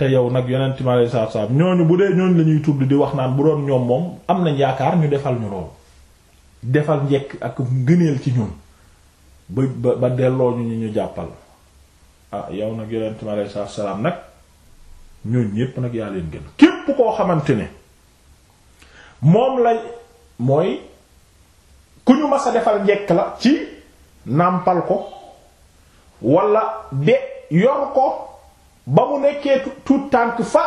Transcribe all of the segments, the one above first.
te yow nag yonent mi alayhi salaatu salaam ñooñu bu dee ñooñu la ñuy tudd di wax naan bu doon ñoom moom am nañ yaakaar ñu defal ñu loolu defal njekk ak ngëneel ci ñun ba ba delloo ñu ñu jàppal ah yow nag yonent mi salaam nag ñooñu ñépp nag yaa leen gën képp koo xamante ne moom la mooy ku ñu mas defal njekk la ci nàmpal ko wala de yor ko. ba mu nekkee tout tànk fa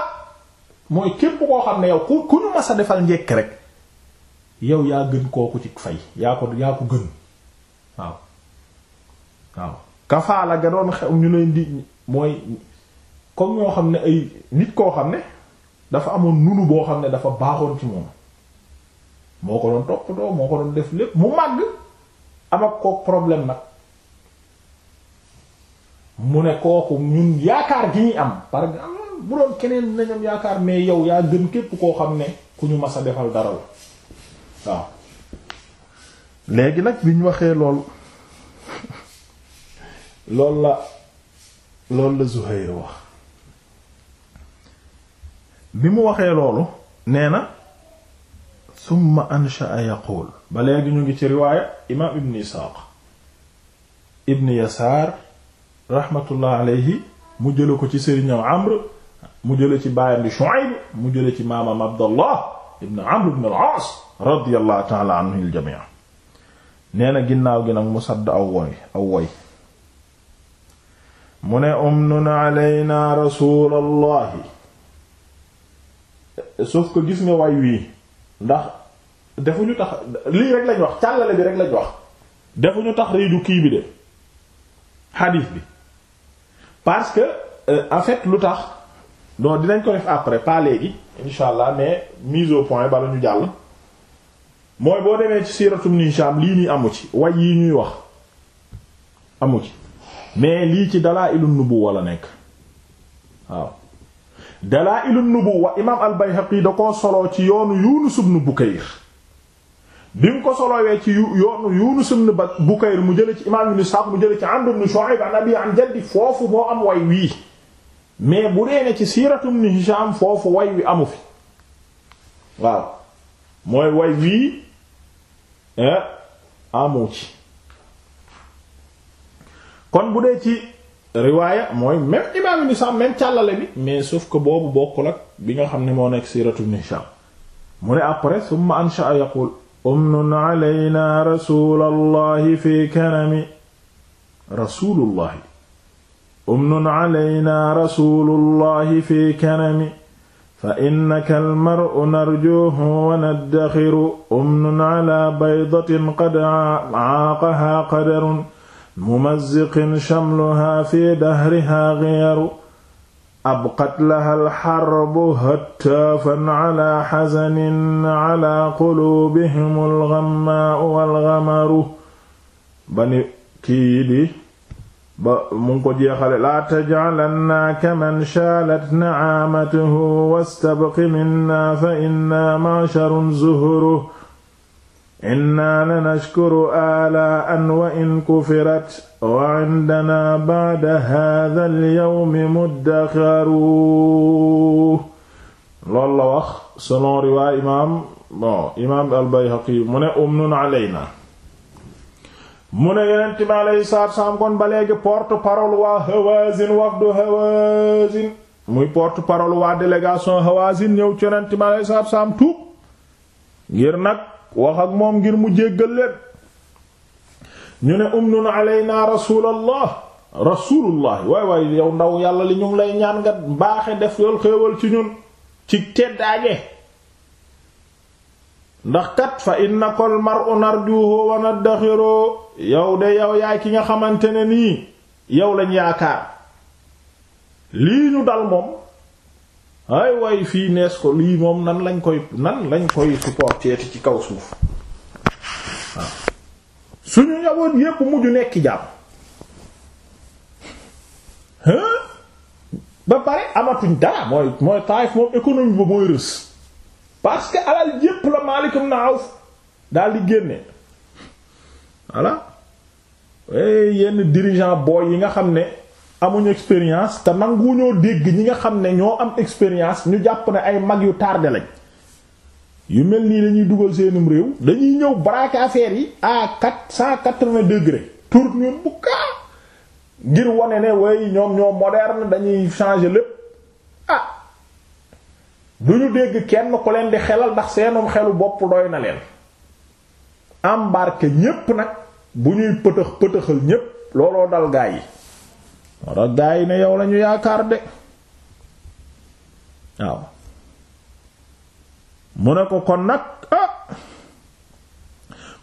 mooy képp koo xam ne yow ku ku ñu masa defal njekk rek yow yaa gën kooku ci fay yaa ko yaa ko gën waaw waaw kafaala ga doon xew ñu leen di mooy comme ñoo xam ne ay nit koo xam ne dafa amoon nunu boo xam ne dafa baaxoon ci moom moo ko doon toppatoo moo ko doon def lépp mu màgg am ak ko problème nag mu ne kooku ñun yaakaar gi ñuy am par ah, bu doon keneen nañam yaakaar mais yow yaa gën képp koo xam ne ku ñu mas a defal dara la waaw léegi nag bi ñu waxee lool lool la lool la Zuhayr wax bi mu waxee loolu nee na summa ansha'a yaqul ba bi ñu ngi ci riwaaya imaam ibn Isaaq ibn Yasaar rahmatullah alayhi mu jële ko ci sëriñam amr mu jële ci baayam di Shuayb mu jële ci maamam abdallah ibn amr ibn al-Aas radiyallahu ta'ala anhu al-jami' nee na ginnaaw gi nag mu sadd aw woy aw woy mu ne umnun alayna rasulallahi sauf que gis nga way wii ndax defuñu tax lii rek lañ wax càllale bi rek lañ wax defuñu tax riiju kii bi de xadiis bi parce que euh, en fait lu tax non dinañ ko def après pas léegi insha allah mais mise au point bala ñu jàll mooy boo demee ci siiratu Ibn lii nii amu ci way yi ñuy wax amu ci mais lii ci Dalaa'ilun Nubuwwa la nekk waaw Dalaa'ilun Nubuwwa imaam al-Bayhaqi da koo soloo ci yoonu Yunus ibn Bukayr bi mu ko solowee ci yoonu Yunus ibn Bukayr mu jële ci imaam Ibn Ishaq mu jële ci Amr ibn Shu'ayb an abi an foofu moo am way wii mais bu dee ne ci siiratu Ibn Hisham foofu way wi amu fi waaw mooy way wii eh, amu ci kon bu dee ci riwaaya mooy même imaam Ibn Ishaq même càllale bi mais suuf ko boobu bokkul ak bi nga xam ne moo nekk siiratu Ibn Hisham mu ne après summa ansha yaqul umnun aleyna rasuulallahi fi kanami rasuulullahi umnun aleyna rasuulullahi fi kanami fa innaka almar'u narjuuhu wa naddaxiru umnun ala baydatin qad aaqahaa qadarun mumazziqin shamluhaa fi dahrihaa ghiyaru abqat laha alxarbu hattaafan ala xasanin ala quluubihim alxammaau walxamaru ba ni kii di ba mu ngi ko jeexale laa tajcalanna kaman shaalat nacaamatuhu wastabqi minna fa inna macarun zuhuru inna lanashkuru aala'an wa in kufirat wa indana ba'da hadha al-yawmi muddakharu la wax selon riwaay imaam bon imaam al-Bayhaqi mu ne umnun alayna mu ne yeneen time alayhi salaatu salaam kon ba léegi porte parole waa Hawazin wafdu Hawazin muy porte parole waa délégation Hawazin ñëw ci yeneen time alayhi salaatu salaam tuub ngir nag wax ak moom ngir mu jéggal leen ñu ne umnun alayna rasulallah rasulullah waay waay yow ndaw yàlla li ñu lay ñaan nga baaxe def yool xéewal ci ñun ci teddaage ndax kat fa inna kol mar'u narjuhu wa nadakhiru yow de yow yaay ki nga xamante ne nii yow lañ yaakaar lii ñu dal moom ay way fii nees ko lii moom nan lañ koy nan lañ koy ci kaw suuf suñu njaboot yépp mujj nekk jàmm ba pare amatuñ dara mooy mooy Taayif moom économie ba mooy rës parce que alal yépp la maalikum na awf daal di génne voilà eh, yenn dirigeant booy yi nga xam ne amuñu expérience te nanguwuñoo dégg ñi nga xam ne ñoo am expérience ñu jàpp ne ay mag yu tardé lañ yu mel nii dañuy dugal seenum réew dañuy ñëw braquer affaire yi à quatre cent quatre-vingts degrés tourner bu kaa ngir wane ne way ñoom ñoo moderne dañuy changer lépp a ah, du ñu dégg kenn ku leen di xelal ndax seenum xelu bopp doy na leen embarquer ñépp nag bu ñuy pëtëx pëtëxal ñépp looloo dal gaa yi wara gaa yi ne yow lañu yaakaar de waaw mu ne ko kon nag ah,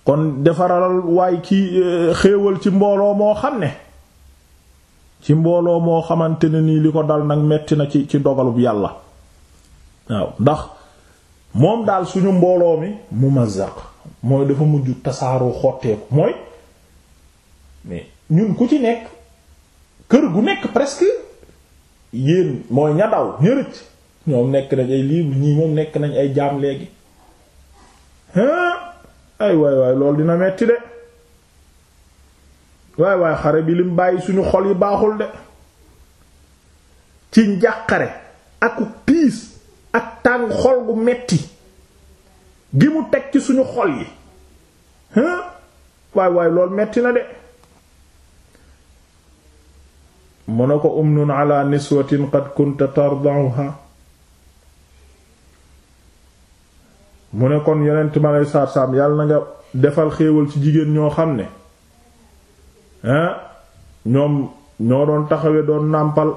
kon defaral waay ki eh, xéewal ci mbooloo moo xam ne ci mbooloo moo xamante ne nii li ko dal nag metti na ci ci dogalub yàlla waaw ndax moom daal suñu mbooloo mi mu ma mazzaq mooy dafa mujj tasaaroo xotteeku mooy mais ñun ku ci nekk kër gu nekk presque yéen mooy ña daw ñoom nekk nañ ay libre ñii moom nekk nañ ay jaam léegi ay waay waay loolu dina metti de waay waay xare bi lim bàyyi suñu xol yi baaxul de ci njàqare ak piis ak tàng xol bu metti gi mu teg ci suñu xol yi waay waay loolu metti na de mu ne ko umnun ala niswatin qad kunta tarda'uha mu ne kon yonent ma lay saar saam yàlla na nga defal xéewal ci jigéen ñoo xam ne hein ñoom ñoo doon taxawe doon nàmpal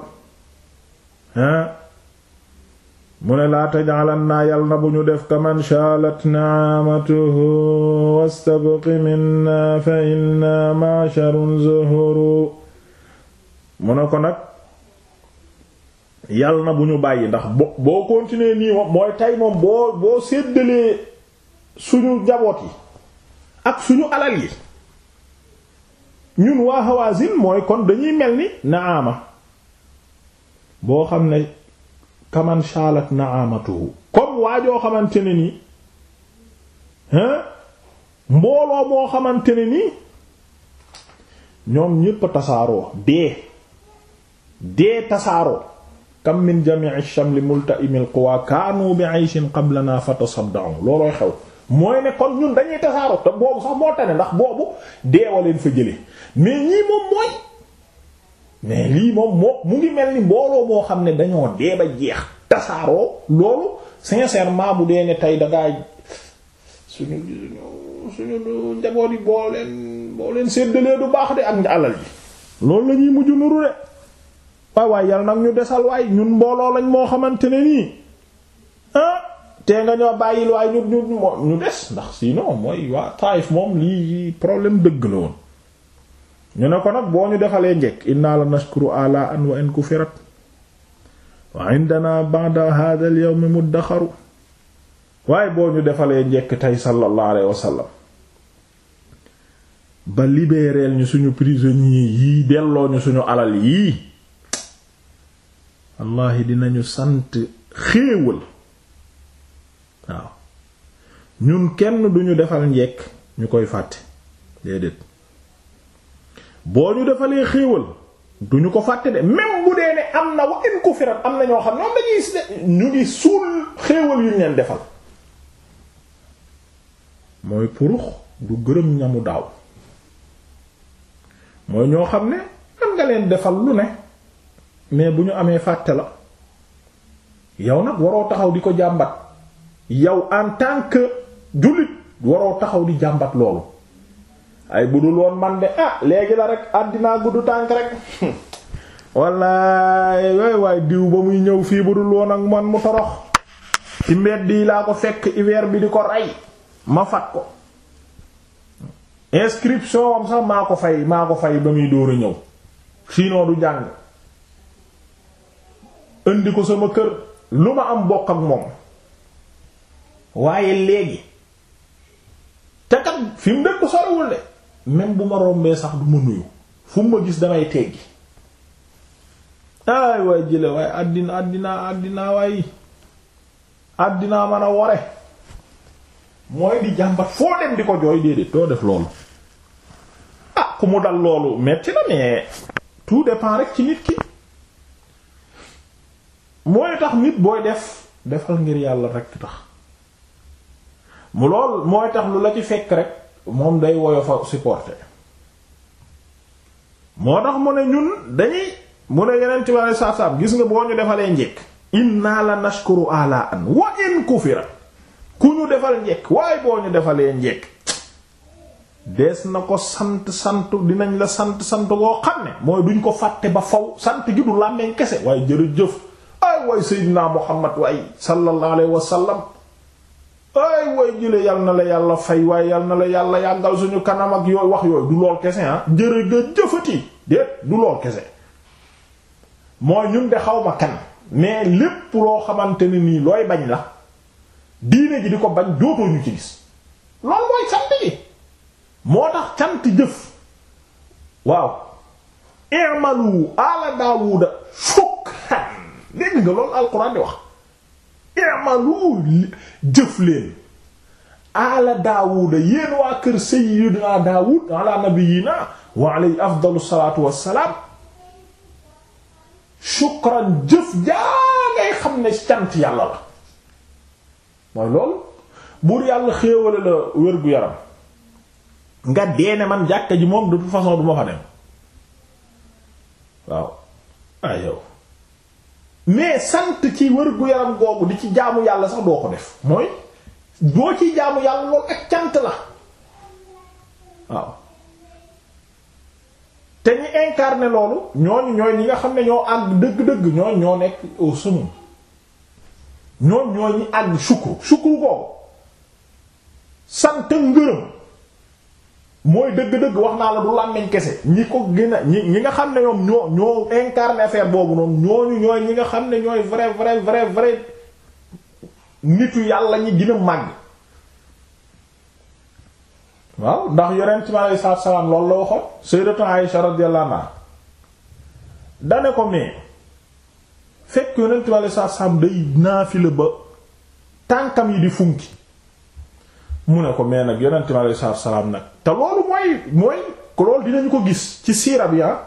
mu ne laa taj'alan naa yàlla na bu ñu def kaman shaalat naamatuhu wastabqi minna fa inna ma'sharun mu ne ko nag yàlla na bu ñu bàyyi ndax bo boo continuer nii moom mooy tey moom boo boo séddalee suñu njaboot yi ak suñu alal yi ñun waa Hawazin mooy kon dañuy mel ni naama boo xam ne kaman shalat naamatuhu comme waa joo xamante ne nii mbooloo moo xamante ne nii ñoom ñépp tasaaroo dee dee tasaaroo kam min jamii shamli multaimil quwa kaanu bi ayshin qablana fatasadda'u loolooy xew mooy ne kon ñun dañuy tasaaroo te boobu sax moo tane ndax boobu deewa leen fa jële mais ñii moom mooy mais lii moom moo mu ngi mel ni mbooloo moo xam ne dañoo dee ba jeex tasaaroo loolu sincèrement bu dee ne tey dangaa suñu suñu njaboot yi boo leen boo leen séddalee du baax de ak alal ji loolu la ñuy mujj nuru de waay waay yal nag ñu desal waay ñun mbooloo lañ moo xamante ne nii ah, te nga ñoo bàyyil waay ñu ñu ñu des ndax sinon mooy waa Taif moom lii problème dëgg la woon ñu ne ko nag boo ñu defalee njekk inna la nashkuru ala an wa in kufirat wa waaye boo ñu defalee njekk tey sallallahu alayhi wasallam ba libérer ñu suñu prisonniers yii delloo ñu suñu alal yii wallahi dinañu sant xéewal waaw ñun kenn ñu defal njekk ñu koy fàtte déedéet boo ñu defalee xéewal duñu ko fàtte de même bu dee ne am na wa in am na ñoo xam ne dañuy ñu leen defal mooy purux daaw mooy ñoo xam ne am nga leen defal lu ne mais bu ñu amee fàtte la yow nag waroo taxaw di ko jàmbat yow en tant jullit waroo taxaw di jàmbat loolu ay bu dul woon man de ah léegi la rek àddinaa gudd tànk rek wallaay waay waay diw ba muy ñëw fii bu dul woon ak man mu torox ci mbedd yi laa ko fekk hiver bi di ko rey ma fat ko inscription am sax maa ko fay maa ko fay ba muy dóor a ñëw sinon du jàng indi ko sama kër lu ma am bokk ak moom waaye léegi te kat fi mu dëkk sorewul de même bu ma rombee sax du ma nuyu fu ma gis damay teggi ay waaye jële waaye àddina àddina àddina waaye àddina mën a wore mooy di jàmbat foo dem di ko jooy déedéet doo def loolu ah ku mu dal loolu metti na mais tout dépend rek ci nit ki mooy tax nit booy def defal ngir yàlla rekk tax mu lool mooy tax lu la ci fekk rek moom day woyofa supporter moo tax mu ne ñun dañuy mu ne yeneen tibaare saab-saab gis nga boo ñu defalee njekk naa la nashkuru ala an wa in kufira ku ñu defal njekk waaye boo ñu defalee njekk des na ko sant sant dinañ la sant sant woo xam ne mooy duñ ko fàtte ba fow sant gi du làmmeñ kese waaye jëf ay way seydinaa muhammad waay sallallahu alayhi wasallam ay way jële yal na la yàlla fay waaye yal na la yàlla yàggal suñu kanam ak yooyu wax yooyu du lool kese ah jërë nga jëfati déet du lool kese mooy ñun de xaw ma kan mais lépp loo xamante ni nii looy bañ la diine ji di ko bañ dootoo ñu ci gis loolu mooy sant moo tax cant jëf waaw i'malu ala daawuda fukk dégg nga loolu alquran di wax i'malu jëf leen ala daawuda yéen waa kër sayyidina daawud ala nabiyina wa alayhi afdalu salaatu wassalaam shukran jëf jaa ngay xam ne cant yàlla la mooy loolu buur yàlla xéewale la wérgu yaram nga deene man jàkka ji moom de façon du fa dem waaw ah yow mais sant ci wërgu yaram googu di ci jaamu yàlla sax doo ko def mooy doo ci jaamu yàlla loolu ak cant la waaw te ñi incarné loolu ñooñu ñooy ñi nga xam ne ñoo àgg dëgg-dëgg ñooñ ñoo nekk au summum ñooñ ñooy ñi àgg sukru sukru googu sant ngërëm mooy dëgg-dëgg wax naa la du làmmiñ kese ñi ko gën a ñi ñi nga xam ne ñoom ñoo ñoo incarné affaire boobu noonu ñooñu ñooy ñi nga xam ne ñooy vrai vrai vrai vrai nitu yàlla ñi gën a màgg waaw ndax yonent mi alayhi salaatu salaam loolu la waxoon sayyidatu Aisha radiyallahu anha dane ko mais fekk yonent mi alayhi salaatu ba tànkam yi di funki mu ne ko mais nag yonent mi alayhi nag te loolu mooy mooy loolu dinañu ko gis ci siira bi ah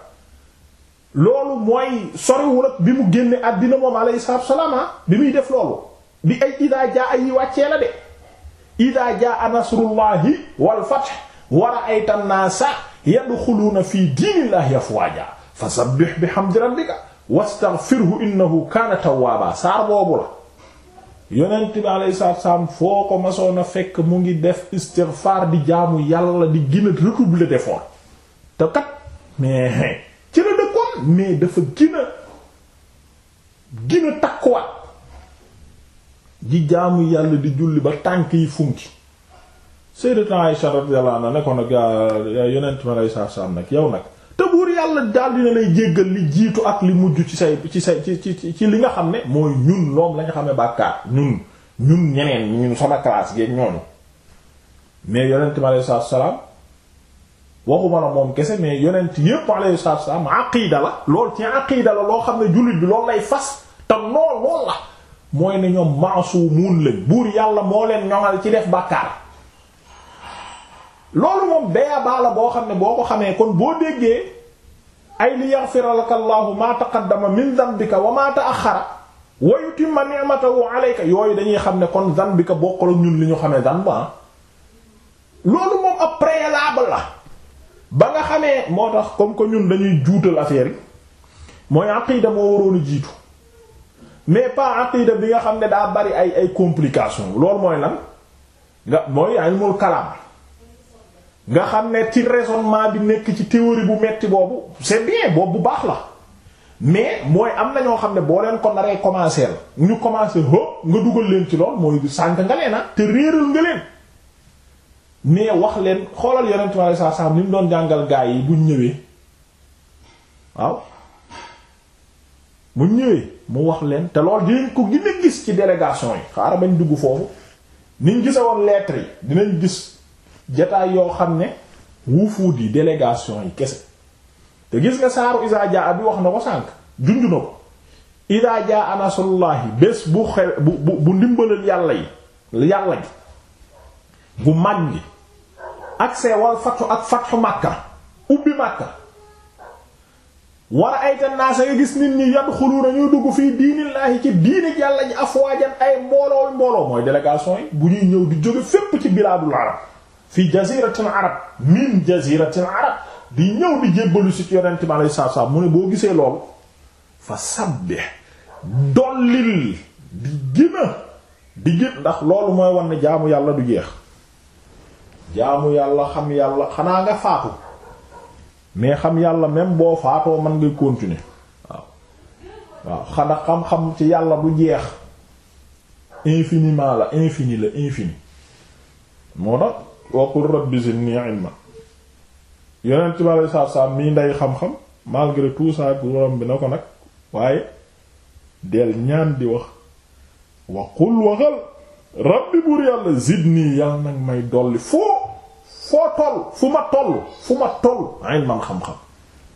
loolu mooy soriwul bi mu génne àddina moom alayhi salaatu ah, bi muy def loolu bi ay idaa jaa ay yi la de idaa jaa nasrullahi wal fath wa ra'ayta an-naasa yadxuluuna fii diinillahi afwaajaa fasabbih bihamdi rabbika wastaghfirhu innahu kaana tawwaaba saar boobu yonent bi alayhi salaatu foo ko masoon a fekk mu ngi def istighfar di jaamu yàlla di gën a redoubler d'effort te kat mais ci la dëkkoon mais dafa gën a gën a takkuwaat di jaamu yàlla di julli ba tànk yi funki Sayyidatuna Aisha radiyallahu anha ne ko nag yonent bi alayhi salaatu salaam nag yow nag te buur yàlla daal dina lay jéggal li jiitu ak li mujj ci say ci say ci ci ci li nga xam ne mooy ñun loom la nga xam ne bàkkaar ñun ñun ñeneen ñun sama classe geeg ñooñu mais yonent mi aleyhi salaatu salaam waxuma la moom kese mais yonent yépp aleyhi salaatu wa salaam aqiida la lool ci aqiida la loo xam ne jullit bi lool lay fas te nool lool la mooy ne ñoom maasumun lañ buur yàlla moo leen ñoŋal ci def bàkkaar loolu moom baya baala boo xam ne boo ko xamee kon boo déggee ay li yaghfira laka allahu ma taqaddama min dhanbika wa ma ta'akhkhara wa yutimma ni'matahu alayka yooyu dañuy xam ne kon dhanbika bokkul ak ñun li ñu xamee dhanb ba ah. loolu moom ab préalable la ba nga xamee moo tax comme que ñun dañuy juutal affaire yi mooy aqida moo waroon jiitu mais pas aqida bi nga xam ne daa bari ay ay complication loolu mooy lan nga mooy ilmul kalam nga xam ne ci raisonnement bi nekk ci théorie bu metti boobu c'est bien boobu bu baax la mais mooy am na ñoo xam ne boo leen ko naree commencer la ñu commencer ho nga dugal leen ci lool mooy sànk nga leen ah, te réeral nga mais wax leen xoolal yonent bi alayhi salaam ni mu doon jàngal gaay yi buñ ñëwee waaw buñ ñëwee mu wax leen te lool dinañ ko gën a gis ci délégation yi xaaral bañ dugg foofu niñ gisewoon lettre yi dinañ gis jataay yoo xam ne wuufuut yi délégation yi kese te gis nga saaru isaa jaa bi wax na ko sànq junju na ko isaa jaa bés bu xew bu bu ndimbalal yàlla yi yàlla gi gu mag gi accès wal fatxu ak fatxu makka ubbi makka war a ay tannaasa nga gis nit ñi a ñuy dugg fii diinillaahi ci diini yàlla ji afwaajan ay mbooloo mbooloo mooy délégation yi bu ñuy ñëw di jóge fépp ci bilaadul arab fi jaziratil arab min jaziratil arab di ñëw di jébbalu si ci yonent bi mu ne boo gisee loolu fa sabbih dollil di ndax loolu mooy wan jaamu yàlla du jeex jaamu xam yàlla xanaa nga faatu mais xam yàlla même boo faatoo mën ngay continuer waaw waaw ci yàlla du jeex infiniment la infini la infini moo tax waqul rabbi zidni ilma yonent bi alei satu salaam mii ndey xam-xam malgré tout ça borom bi na ko nag waaye del ñaan di wax waqul waxal rabbi buur yàlla zidni yàlla nag may dolli foo foo toll fu ma toll fu ma toll ilman xam-xam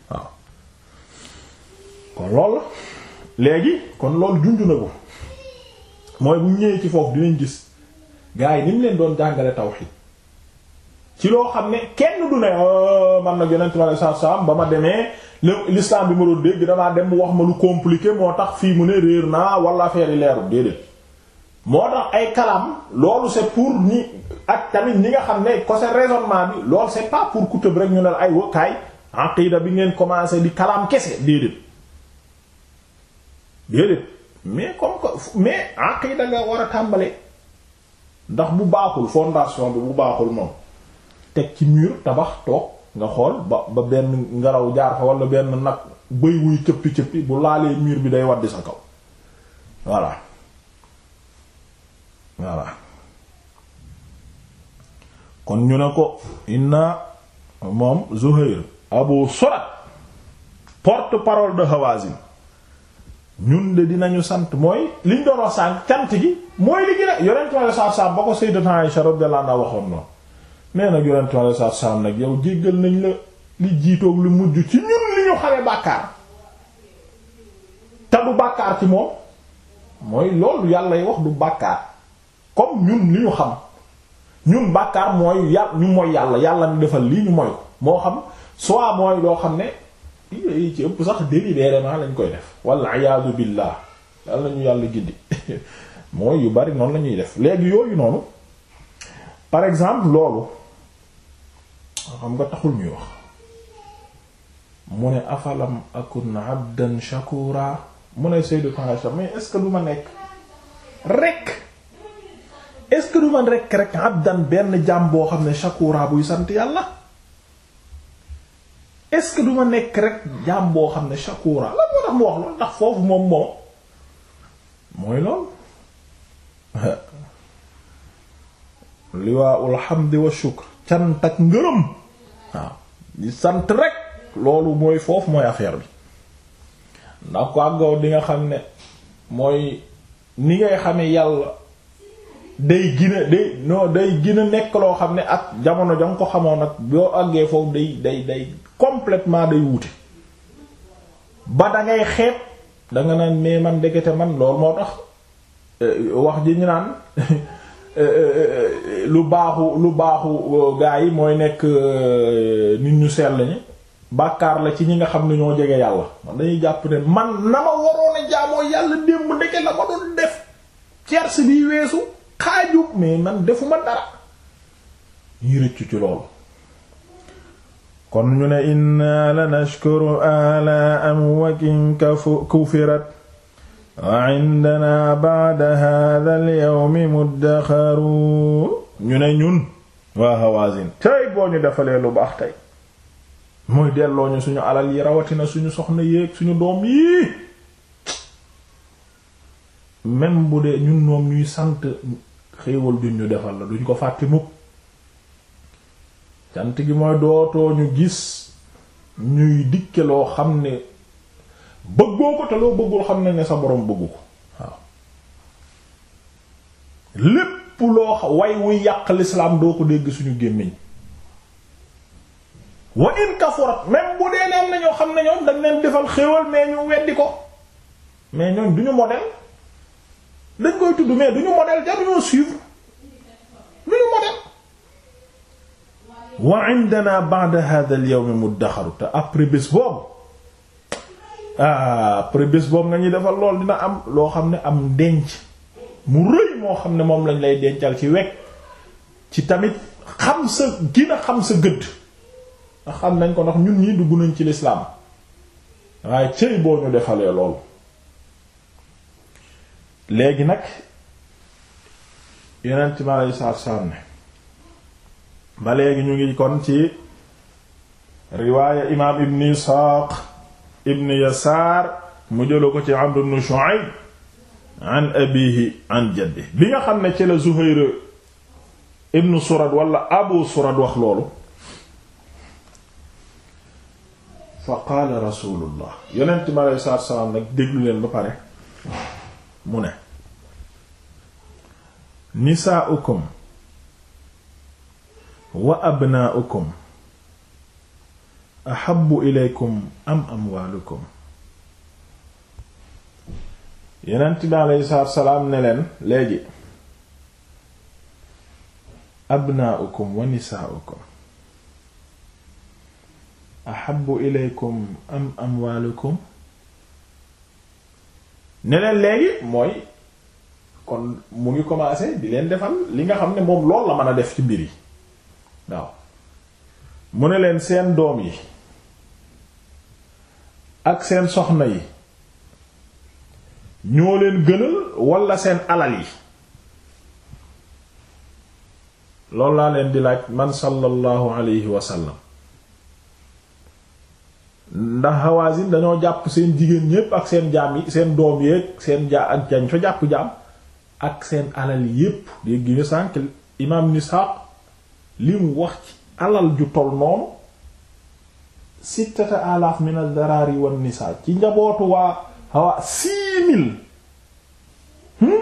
waaw kon loolu la léegi kon loolu junj na ko mooy bu ñëwee ci foofu dinañ gis gaa yi ni leen doon jàngale tawhid ci loo xam ne kenn du ne oh, man na yonent bi alei satu salaam ba ma demee l'islam bi ma doon dégg damaa dem mu wax ma lu compliqué moo tax fii mu ne réer naa wala affaire yi leerul déedéet moo tax ay kalam loolu c'est pour ñi ak tamit ñi nga xam ne côté raisonnement bi loolu c'est pas pour ku tëb rek ñu ne la ay wakaay aqida bi ngeen commencé di kalam kese déedéet déedéet mais comme que mais aqida nga war a tàmbale ndax bu baaxul fondation bi bu baaxul moom teg ci miir tabax toog nga xool ba ba benn ngelaw jaar fa wala benn nag bëy wuy cëppi cëppi bu laalee miir bi day waddi sa kaw voilà voilà kon ñu ne ko inna moom Zuhair Abu Surat porte-parole de Hawazin ñun de dinañu sant mooy liñ doon wax cant gi mooy li gën a yonent Yàlla saaf saaf ba ko Sayyidatuna Aisha radiyallahu anha waxoon noonu nee nag yonentu Yàlla saa saam nag yow jéggal nañ la li jiitoog lu mujj ci ñun li ñu xale bàkkaar te du bàkkaar ci moom mooy loolu yàllay wax du bàkkaar comme ñun li ñu xam ñun bàkkaar mooy yàlla ñu mooy yàlla yàlla ni defal lii ñu moy moo xam soit mooy loo xam ne yi ci ëpp sax délibérément lañ koy def walla iyaadu billah yàlla ñu yàlla gindi mooy yu bari noonu la ñuy def léegi yooyu noonu par exemple loolu xam nga taxul ñuy wax mu ne afalam akun abdan shakura mu ne Sayyidu Aisha mais est-ce que du nekk rek est abdan benn jaam boo xam ne shakura buy sant yàlla est-ce nekk rek jaam boo xam ne shakura la moo tax mu wax loolu ndax foofu moom moom mooy lool liwaa ul wa shukr cant ngërëm waaw di sant rek loolu mooy foofu mooy affaire bi ndax ko àggaw di nga xam ne mooy ni ngay xamee yàlla day gina day non day gina nekk loo xam ne ak jamono ja nga ko xamoon ak boo àggee foofu day day day completement day wuute ba dangay xeeb danga naan mais man ndekete man loolu moo tax eh, wax ji ñu naan Euh, euh, euh, lu baaxu lu baaxu gaa yi mooy nekk nit ñu sell ñi bàkkaar la ci ñi nga xam ne ñoo jege yàlla man dañuy jàpp ne man na ma waroon jaamoo yàlla démb ndeke la ma doon def cerce bi weesu xaaju mais man defuma dara ñuy ci loolu kon ñu ne inna la nashkuru ala am wakin kafu kufirat wa indana ba'da hadha al-yawmi ñu ne ñun waa Hawazin tey boo ñu defalee lu baax tey muy delloo ñu suñu alal yi rawatina suñu soxna yéeg suñu doom yi même bu dee ñun ñoom ñuy sant xéewal duñ defal la duñ ko fàtte mukk cant gi mooy dootoo ñu gis ñuy dikke loo xam ne bëggoo ko te loo bëggul xam na ne sa boroom bëggu ko lépp loo way wu yàq lislaam doo ko dégg suñu gémmiñ wa in kafurat même bu dee am na xam ne ñoom dañ leen defal xéwal mais ñu weddi ko mais ñoom duñu modèle dañ koy tudd mais duñu modèle jaruñoo suivre duñu modèle wa indana ba'da hadha al-yawm muddaxaru te après bés boobu Ah, après bés boobu nga ñuy defal lool dina am loo xam ne am denc mu rëy moo xam ne moom lañ lay dencal ci wekk ci tamit xam sa gina xam sa gëdd ndax xam nañ ko ndax ñun ñii dugg nañ ci lislaam waaye cëy boo ñu defalee lool léegi nag yeneen ci ma lay saar ba léegi ñu ngi kon ci riwaaya imaam ibn Isaaq ibn yasaar mu jëla ko ci amr ibn shu'ayb an an jaddi bi nga xam ne ci la zuhayr ibn surad wala abu surad wax loolu fa qaala rasulullah yonent mi alei salaatu salaam nag déglu leen ba pare mu ne nisaa'ukum wa abnaa'ukum ahabu ilaykum am amwaalukum yeneent bi aleyhi salaam ne leen léegi abnaaukum wa nisaaukum ahabu ilaykum am amwaalukum ne leen léegi mooy kon mu ngi commencé di leen defal li nga xam ne moom lool la mën a def ci mbir yi waaw mu ne leen seen doom yi ak seen soxna yi ñoo leen gënal walla seen alal yi loolu laa leen di laaj man sallallahu alayhi wa sallam ndax Hawazin dañoo jàpp seen jigéen yépp ak seen jaam yi seen doom yeeg seen ja ak jañ fa jàpp jaam ak seen alal yépp dégg nga sànq imaam Nisaa li mu wax ci alal ju tol noonu sittata alaaf min ad-darari wan nisaa ci njabootu waa hawa six mille hmm?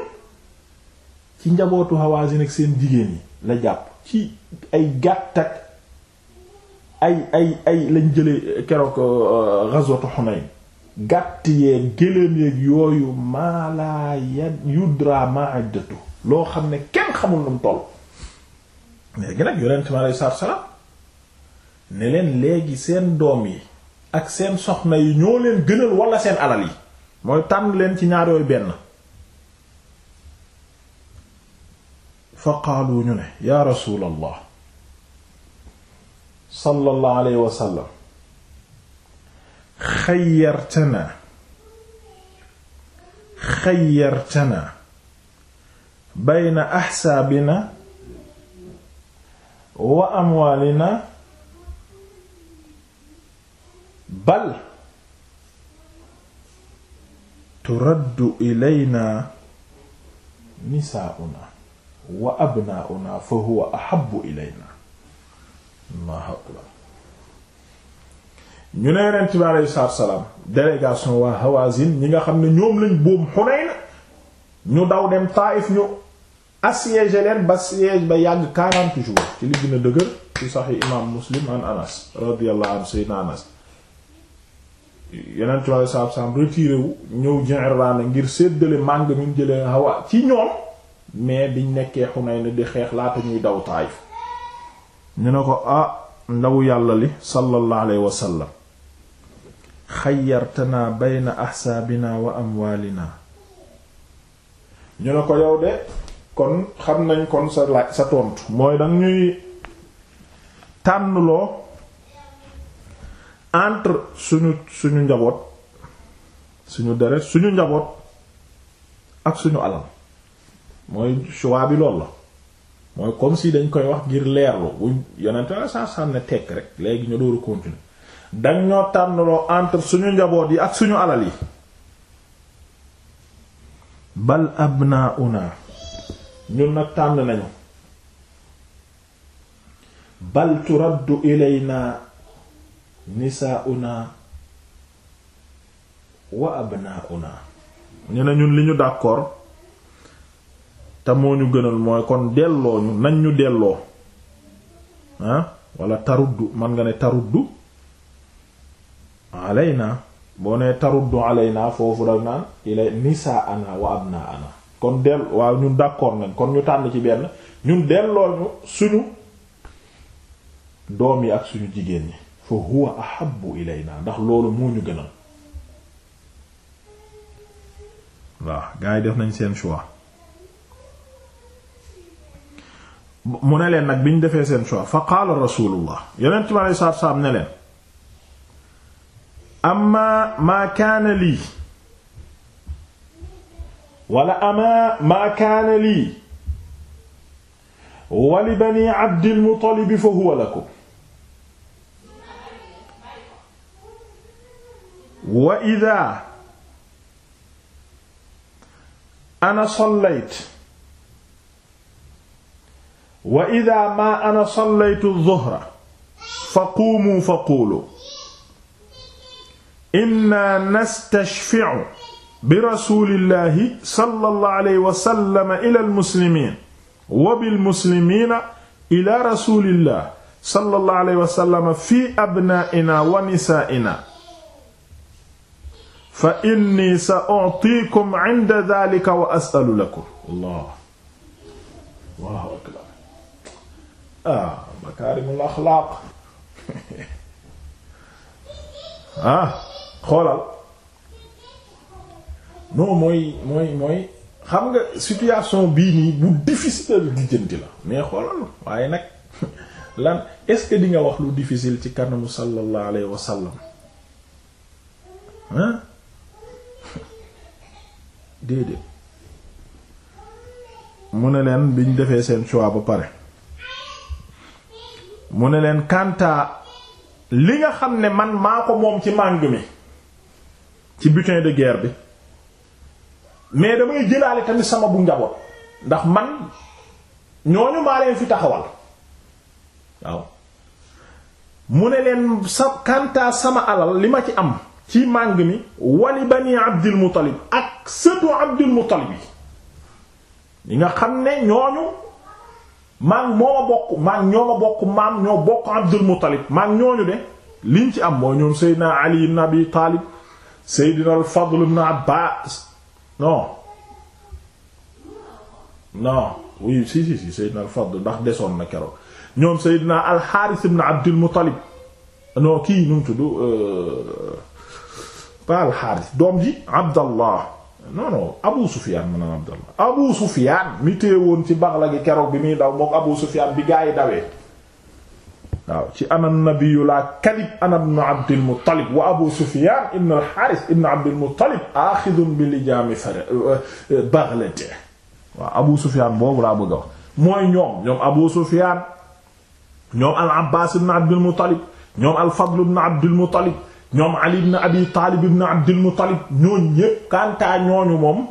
ci njabootu Hawazin ak seen jigéen yi la jàpp ci ay gàtt ak ay ay ay lañ jële keroog euh, ghazwatu Hunayn gàtt yeeg gëléem yeeg yooyu mala ya yudra ma'iddatu loo xam ne kenn xamul nu toll léegi nag yonent mi alayhi salaatu wa salaam ne leen léegi seen doom yi ak seen soxna yi ñoo leen gënal wala seen alal yi mooy tànn leen ci ñaar yooyu benn fa qaalu ñu ne yaa rasuulallah sallallahu alayhi wa sallam xayyartanaa xayyartanaa bayna axsaabina wa amwaalina bal turaddu ilayna nisaa'una wa abnaa'una fa huwa ahabbu ilayna Allahu akbar ñu ne Yonent bi aleyhi salaatu salaam délégation waa Hawazin ñi nga xam ne ñoom lañ boom Hunayn ñu daw dem Taayif ñu assiégé leen ba siège ba yàgg 40 jours ci li gën a dëgër ci Sahih imaam Muslim an Anas radiyallahu anhu Anas yeneen ci wàllu saabsaab retiré ñëw Ji'irraana ngir séddale màng mi ñu jëlee Hawa ci ñoom mais biñ nekkee Xunayn di xeex laata ñuy daw Taayif ñu ne ko ah ndawu yàlla li sallallahu alayhi wa sallam. xayyartanaa bayna ahsaabinaa wa amwaalinaa ñu ne ko yow de kon xam nañ kon sa laaj sa tontu mooy danga ñuy tànnloo. entre suñu suñu njaboot suñu deret suñu njaboot ak suñu alal mooy choix bi lool la mooy comme si dañ koy wax ngir leerlu bu yonente la sa sànne tekk rek léegi ñu dooru continuer dañ ñoo tànnloo entre suñu njaboot yi ak suñu alal yi bal abnauna ñun nag tànn nañu bal turaddu ilayna nisaa'una wa abnaa'una ñu ne ñun li ñu d'accord te moo ñu gënal mooy kon delloo ñu nañ ñu delloo ah wala taruddu man nga ne taruddu alayna boo nee taruddu alayna foofu dag naan ilay nisaa'ana wa abnaa'ana kon dell waaw ñun d'accord nañ kon ñu tànn ci benn ñun delloo ñu suñu doom yi ak suñu jigéen ñi fa huwa ahabbu ilayna ndax loolu moo ñu gënal waaw gars yi def nañ seen choix mu ne leen nag bi ñu defee seen choix fa qaala rasulullah yonent bi alei saatu salaam ne leen amma maa kaana lii wala ama maa kaana lii wa li bani abdil muttalib fa huwa lakum wa ida ana sallayt wa ida ma ana sallaytu zuhra fa quumuu fa quulu inna nastashfi'u bi rasulillahi sallallahu alayhi wa sallam ila almuslimiin wa bilmuslimiina ila rasulillah sallallahu alayhi wa sallam fi abnaa'inaa wa nisaa'inaa fa inni sa utikum inda dhalika wa as'alu lakum allah allahu akbar ah makaarimul axlaaq ah, xoolal non mooy mooy mooy xam nga situation bii nii bu difficile di la mais xoolal waaye nag lan est-ce que di nga wax lu diffisil ci kanamu sallallahu alayhi wa mu ne leen biñ defee seen choix ba pare mu ne leen kanta li nga xam ne man maa ko moom ci màng mi ci butin de guerre bi mais damay jëlaale tamit sama bu njaboot ndax man ñooñu maa leen fi taxawal waaw mu ne leen sa kanta sama alal li ma ci am ci màng mi wali bani abdul ak sëtu abdul yi nga xam ne ñooñu maag moo ma bokk maag ñoo ma bokk maam ñoo bokk abdul muttalib ñooñu de liñ ci am mooy ñoom seydina ali ibn abi taalib seydina al fadl ibn abbaas non non oui si si si seydina al fadl na keroog ñoom seydina al xaaris kii nu mu euh, pas alxaaris doom ji abdallah abu sufiyaan mi téewoon ci baxla gi bi muy daw mook abu sufiyaan bi gaa yi ana nabiyu laa kadib ana ibnu abdil muttalib abu sufiyaan bi lijaami fare eh, eh, abu sufiyaan boobu laa bëgg a mooy ñoom ñoom abu sufiyaan ñoom al abbaas ibnu abdil muttalib ñoom al fadl ibnu abdil muttalib ñoom Ali ibn Abi Taalib ibn Abdul Muttalib ñooñu ñépp kantaa ñooñu moom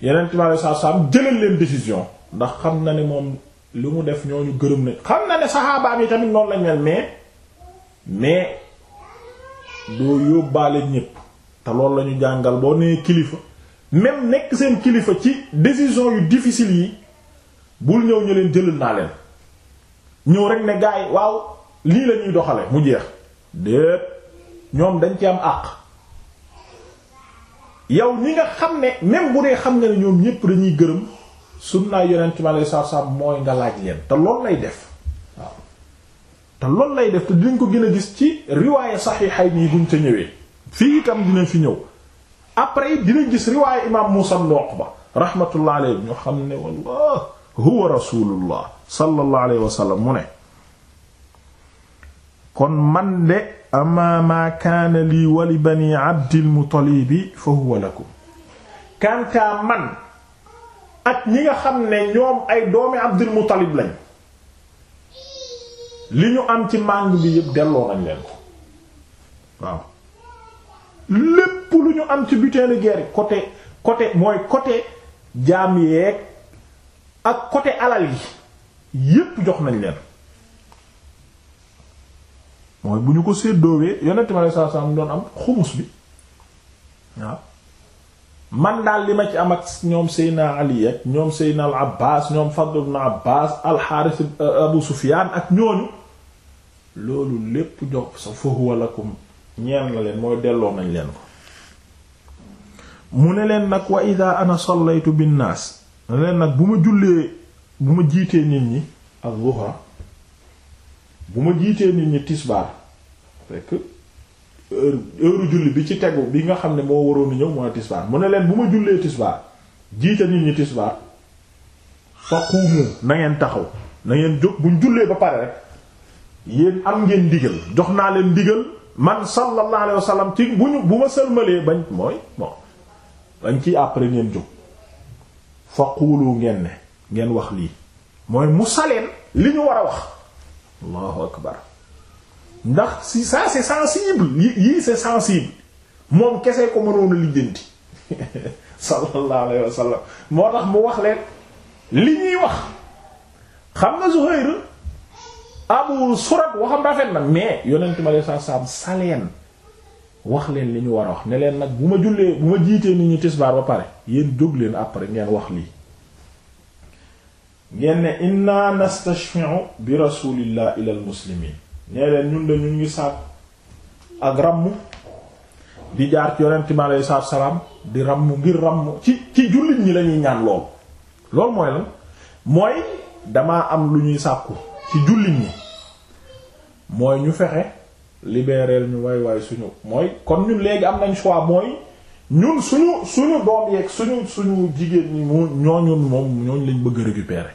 yeneen ci wàllu saabsaab jëlal leen décision ndax xam na ni moom lu mu def ñooñu gërëm nañ xam na ne saxaabaam yi tamit noonu lañ mel mais mais doo yóbbaale ñépp te loolu la jàngal boo nee kilifa même nekk seen kilifa ci décision yu difficile yi bul ñëw ñu leen jëlal naa leen ñëw rek ne gaay waaw lii la ñuy doxale mu jeex. déet ñoom dañ ci am àq yow ñi nga xam ne même bu dee xam nga ne ñoom ñépp dañuy gërëm sunna yonent bi alayhi salaatu salaam mooy nga laaj leen te loolu lay def te loolu lay def te dinañ ko gën a gis ci riwaaya yi nii buñ ca ñëwee fii itam dinañ fi ñëw après dina gis riwaaya imaam Muusaa ibn Uqba rahmatullah alayhi ñu xam ne wallah huwa rasulullah sallallahu alayhi mu ne kon man de ama maa kaana lii wali bani abdil muttalibi fa huwa ko kantaa man at ñi nga xam ne ñoom ay doomi abdil muttalib lañ li ñu am ci màng bi yépp delloo nañ leen ko waaw lépp lu ñu am ci butin de guerre côté côté mooy côté jaam yee ak côté alal yi yépp jox nañ leen mooy bu ñu ko séddoowee yonent ma ne saa saa mu doon am xumus bi waaw man daal li ma ci am ak ñoom Seydina Ali ñoom Seydina Al Abbas ñoom Fadl ibn Abbas Al Harith euh, Abu Sufyan ak ñooñu loolu lépp jox sa fa huwa lakum ñeen la leen mooy delloo nañ leen ko mu ne leen nag wa ida ana sallaytu binnaas ne leen nag bu ma jullee bu ma jiitee nit ñi ak zuhra bu ma jiitee nit ñi tisbaar fekk heure heure julli bi ci tegu bi nga xam ne moo waroon ñëw mooy tisbaar mu ne leen bu ma jullee tisbaar jiite nit ñi tisbaar faqumu na ngeen taxaw nangeen ngeen jóg buñ jullee ba pare rek yéen am ngeen ndigal jox naa leen ndigal man sallallahu alayhi wasallam ci bu ñu bu ma sëlmalee bañ mooy bon bañ ci après ngeen jóg faquulu ngeen ne ngeen wax lii mooy musaleen li ñu war a wax allahu akbar ndax si ça c'est sensible yii c'est sensible moom kese ko mënoon a lijjanti sallallahu alayhi wa sallam moo tax mu wax leen li ñuy wax xam nga Zuhayr Abu Surat waxam rafet na mais yonent sa saa sa saleen wax leen li ñu war a wax ne leen nag bu ma jullee bu ma jiitee nit ñi tisbaar ba pare yéen jóg leen après ngeen wax lii ngeen ne inna nastashfi'u bi rasulillah ila al muslimin leen ñun de ngi sàkku ak ramm di jaar ci yonent mi aleyhi salaatu salaam di ramm ngir ramm ci ci jullit ñi lañuy ñaan lool loolu mooy lan mooy damaa am lu ñuy sàkku ci jullit ñi mooy ñu fexe libérer ñu waay waay suñu mooy kon ñun léegi am nañ choix mooy ñun suñu suñu doom yeeg suñu suñu jigéen ñi moo ñooñun moom ñooñu lañ bëgg a récupérer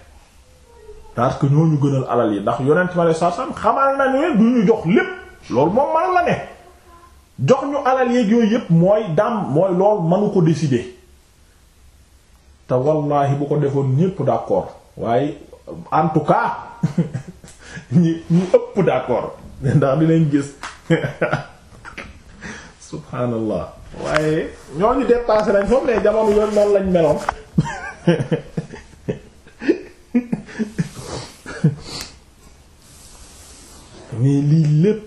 parce que ñu gënal alal yi ndax yonent ma le sa sam xamal nañu ne du ñu jox lépp loolu moom man la ne jox ñu alal yeeg yooyu yépp mooy dam mooy lool mënu ko décider te wallaahi bu ko defoon ñépp d'accord waaye en tout cas ñi ñi ëpp d'accord ndax dinañ gis subhaanallah waaye ñooñu dépassé lañ foofu ne jamono yoon noonu lañ meloon mais lii lépp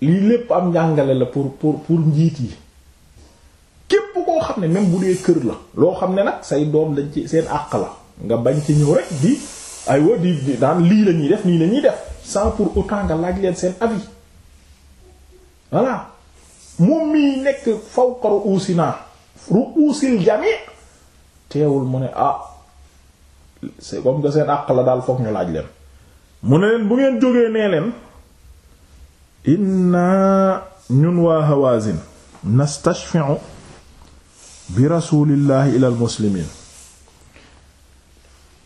lii lépp am njàngale la pour pour pour njiit yi képp koo xam ne même bu dee kër la loo xam ne nag say doom dañ ci seen àq la nga bañ ci ñëw rek di ay di di daan lii la ñuy def nii lañuy def sans pour autant nga laaj leen seen avis voilà moom mii nekk fawqa ru'usina ru'usil jami' teewul mu ne ah c'est comme que seen àq la daal foog ñu laaj leen mu ne leen bu ngeen jógee nee leen inna ñun waa hawazin nastashfi'u bi rasulillahi ila al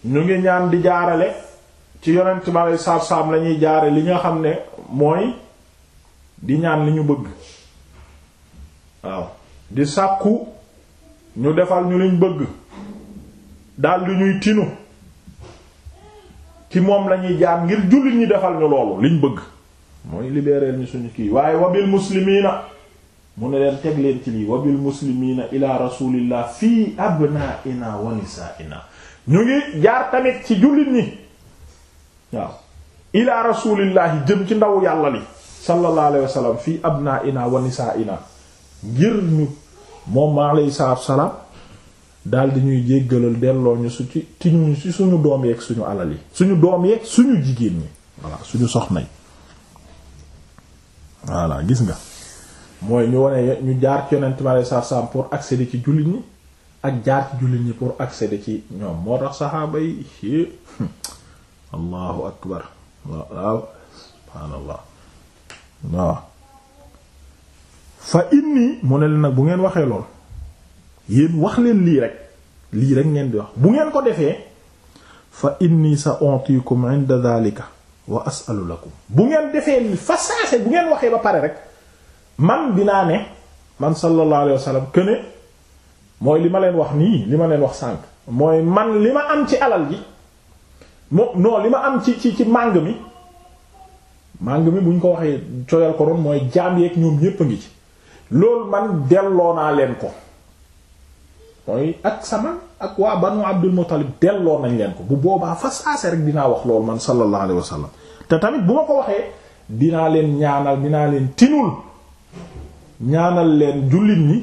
ñu ngi ñaan di jaarale ci yonent ma lay saab-saab lañuy jaare li nga xam ne mooy di ñaan li ñu bëgg waaw di sàkku ñu defal ñu liñ bëgg daldi ñuy tinu ci moom lañuy jaar ngir jullit ñi defal ñu loolu liñ bëgg mooy libérer ñu suñu kii waaye wabil muslimiina mu ne leen teg leen ci lii wabil muslimiina ila rasulillah fii abna'ina wa nisa'ina ñu ngi jaar tamit ci jullit ñi waaw ila rasulillah jëm ci ndaw yàlla li sallallahu alayhi wa sallam fii abna'ina wa nisa'ina ngir ñu moom ma alayhi salaatu salaam daldi ñuy jéggalal delloo ñu su ci tiñuñ ci suñu doom yeeg suñu alal yi suñu doom yeeg suñu jigéen ñi voilà suñu soxna yi voilà gis nga mooy ñu wane ñu jaar ci yonent bi alayhi salaam pour accéder ci jullit ñi ak jaar ci jullit ñi pour accéder ci ñoom moo tax saxaaba yi allahu akbar waaw waaw fa inni mu ne leen nag bu ngeen waxee lool yéen wax leen lii rek lii rek ngeen di wax bu ngeen ko defee fa inni sa ontikum inda dhalika wa asalu bu ngeen defee li fa saase ngeen waxee ba pare rek man naa ne man sallallahu alayhi wa këne mooy li ma leen wax nii li ma leen wax sànq mooy man li ma am ci alal ji mo non li ma am ci ci ci màng mi màng mi buñ ko waxee coyal ko doon mooy jaam yeeg ñoom ñépp a ngi ci loolu man delloo naa leen ko mooy ak sama ak waa banu abdul muttalib delloo nañ leen ko bu boobaa fa saase rek dinaa wax loolu man sallallahu alayhi wa sallam te tamit bu ma ko waxee dinaa leen ñaanal dinaa leen tinul ñaanal leen jullit ñi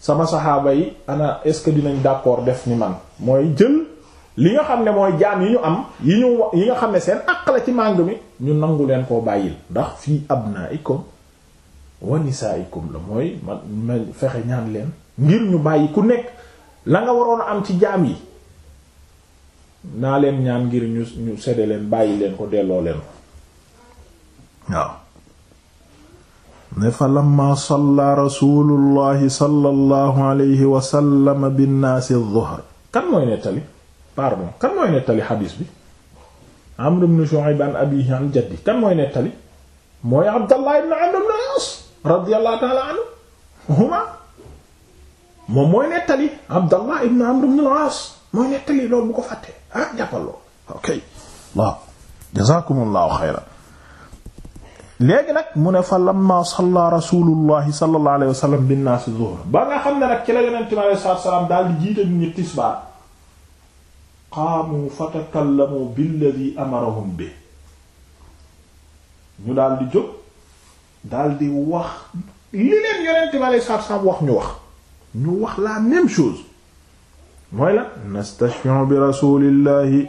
sama saxaaba yi ana est-ce que dinañ d'accord def ni man mooy jël li nga xam ne mooy jaam yi ñu am yi ñu yi nga xam ne seen àq la ci màng mi ñu nangu leen koo bàyyil ndax fii abnaikum wa nisaa'ikum la mooy man ma fexe ñaan leen ngir ñu bàyyi ku nekk la nga waroon am ci jaam yi naa leen ñaan ngir ñu ñu sedde leen bàyyi leen ko delloo leen ko waaw ne fa lamma salla rasulullahi sallallahu alayhi wa sallam binnaasi dhuhr kan mooy nettali pardon kan mooy nettali xadiis bi Amr ibn Shu'ayb an abiihi an jaddi kan mooy nettali mooy Abdallah ibn Amr radiyallahu ta'ala anhuma moom mooy nettali Abdallah ibn Amr ibn al-As mooy nettali loolu bu ko fàttee ah jàppal loolu ok waaw jazakumullahu xayran léegi nag mu ne fa lamma salla rasulullahi sallallahu alayhi wa sallam binnaasi zuhr ba nga xam ne nag ci la yonente mi alayhi salaatu wa salaam daal di jiite nit ñi tisbaar qaamu fa takallamu billadhi amarahum bi ñu daal di jóg daal di wax li leen yonente bi saab wax ñu wax ñu wax la même chose mooy la nastashfi'u bi rasulillahi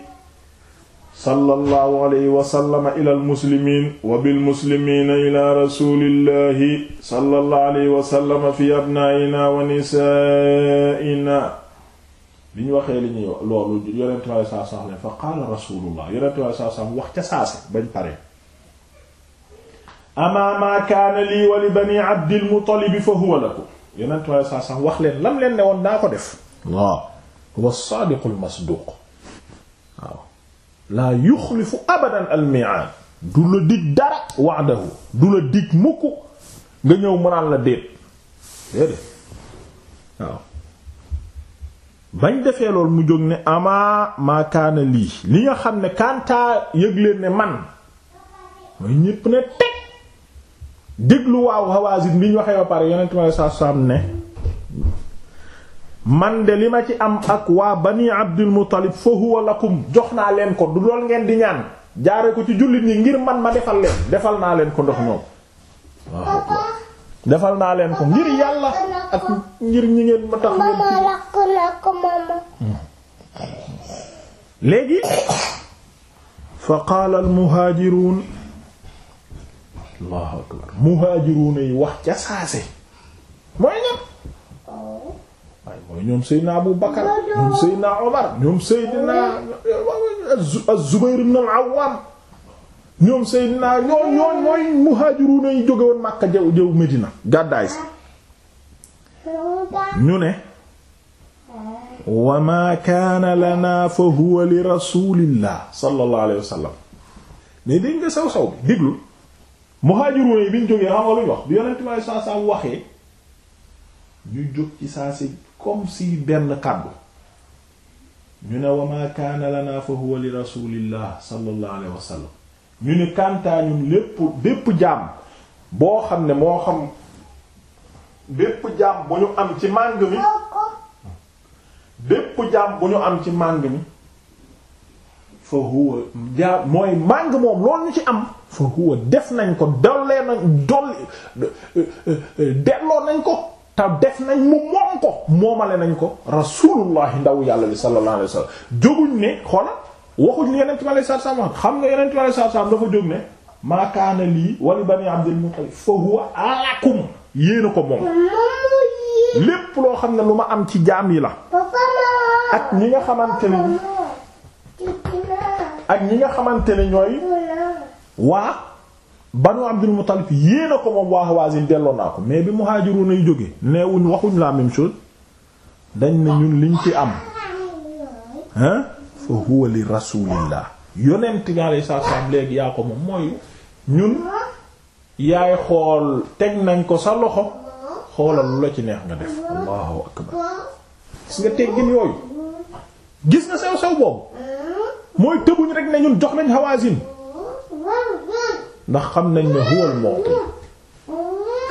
sallallahu alayhi wa sallam ila almuslimiin wa bil muslimiina ila rasulillahi sallallahu alayhi wa sallam fi abnaa'inaa wa nisaa'inaa bi ñu waxee li ñuy loolu yonente bi saab saab fa qaala rasulullah yonente bi saab saab wax ca saase bañ pare amaa maa kaana lii wa li bani abdil muttalib fa huwa lakum yonent waaye saa sax wax leen lam leen ne woon naa ko def waaw huwa saadiqul masduq waaw laa yuxlifu du la dig dara wa'dahu du la dig mukk nga ñëw mënaan la déet déedéet waaw bañ defee lool mu jóg ne amaa maa kaana lii li nga xam ne kantaa yëg leen ne man mooy ñépp ne teg déglu waaw Hawazin bi ñu waxee ba pare yonent ma saa saam ne man de li ma ci am ak waa bani Abdul Muttalib fa huwa lakum jox naa leen ko du lool ngeen di ñaan jaare ko ci jullit ñi ngir man ma defal leen defal naa leen ko ndox ñoom defal naa leen ko ngir yàlla ak ngir ñi ngeen ma tax léegi fa qaala al allahu akbar muhaajiruuna yi wax ca saase mooy ñoom waaye mooy ñoom seydina abu bakar ñoom seydina omar ñoom seydina az-zubayr ibn al-awwam ñoom ñoom ñoom mooy muhaajiruuna yi jóge woon makka jëw jëw medina gàddaay si ñu ne wa maa kaana lana fa huwa li rasulillah sallallahu alayhi wa sallam ne dégg nga saw saw bi déglu muhaajiruun yi bi ñu jógee xam nga lu ñu wax bi yonent bi saa saa waxee ñu jóg ci saa si comme si benn kàddu ñu ne wa maa kaana lanaa fa huwa li rasulillah sallallahu alayhi wa sallam ñu ne kantaa lépp bépp jaam boo xam ne moo xam bépp jaam bu ñu am ci màng mi bépp jaam bu ñu am ci màng mi fa huwa jaa mooy màng moom loolu ñu ci am fa huwa def nañ ko dollee nañ dolli delloo nañ ko te def nañ mu moom ko moomale nañ ko rasulullahi ndaw yàlla li sallallahu alayhi wasallam jóguñ ne xoola waxuñ li yonent bi alayhi salaam wax xam nga yonent bi alayhi salaam dafa jóg ne maa lii wali bani abdul muttalib fa huwa alakum yéena ko moom lépp loo xam ne lu ma am ci jaam yi la ak ñi nga xamante ne ak ñi nga xamante ne ñooy waa banu Abdul Muttalib yéen a ko moom waa Hawazin delloo naa ko mais bi muhaajiruun ay jóge neewuñ waxuñ la même chose dañ na ñun liñ ci am hein fa huwa li rasulillah yonent nga mooy ñun yaay xool teg nañ ko sa loxo xoolal la ci neex nga def allahu akbar gis teggin yooyu gis nga sew sew boobu mooy tëbuñ rek nañu jox nañ Hawazin ndax xam nañ ne huwal mu'ti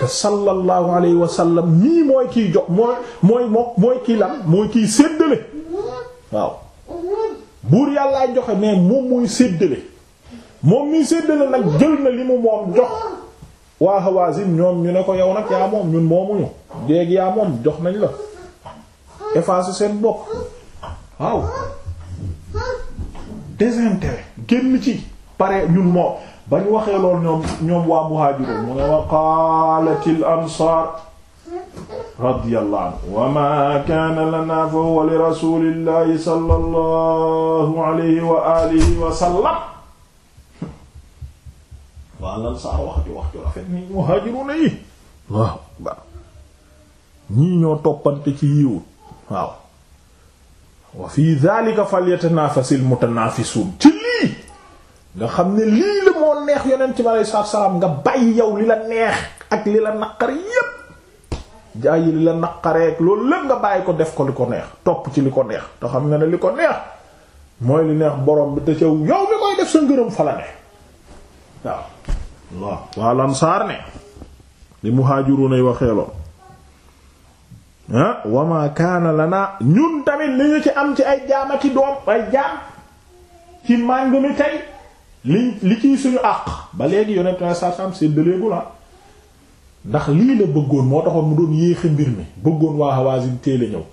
que sallallahu alayhi wa sallam ñii mooy kiy jox mooy mooy mooy kiy lan mooy kiy séddale waaw buur yàllaa joxe mais moom muy séddale moom muy séddale nag jël na li mu moom jox waa Hawazin ñoom ñu ne ko yow nag yaa moom ñun moomuñu léegi yaa moom jox nañ la effacer seen bopp waaw désintérêt génn ci pare ñun moom bañ waxee lool ñoom ñoom waa muhaajiroon mu ne wa qaalatil ansaar radiyallahu wa ma kaana lana fa huwa li rasulillahi waa lansaar wax ju rafet ni ñoo toppante ci yiwut waaw wa fi dhalika falyatanafasil mutanafisuun ci lii nga xam ne lii la moo neex yonent bi aleyhi salaatu salaam nga bàyyi yow li la neex ak li la naqar yépp jaayi li la naqareek loolu lépp nga bàyyi ko def ko li ko neex topp ci li ko neex te xam nga ne li ko neex mooy li neex borom bi te ca yow mi koy def sa ngërëm fa la ne waaw waaw waa lansaar ne li muhaajiruun ay waxeeloon Ah, wa ma la naa ñun tamit li ñu ci am ci ay jaam ak doom ay jaam ci màng mi tey li li ciy suñu àq ba léegi yonent na saa saam séddaleegu la ah. ndax lii la bëggoon moo taxoon mu doon yéexe mbir mi bëggoon waa Hawazin téele ñëw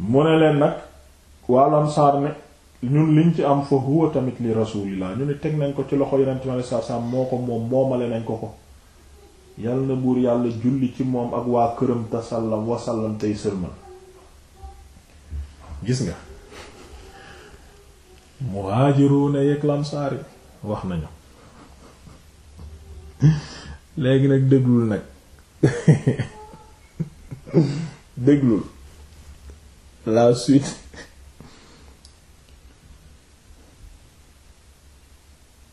mu ne leen nag wàllan saar ne ñun liñ ci am fa huwa tamit li rasulillah ñu ne teg nañ ko ci loxo yonent na saa saam moo ko moom moomale nañ ko ko yal na buur yàlla julli ci moom ak waa këram tasallam wasallam tey sërmal gis nga muhaajiruuna yeeg lamsaari wax nañu léegi nag déglul nag déglul la suite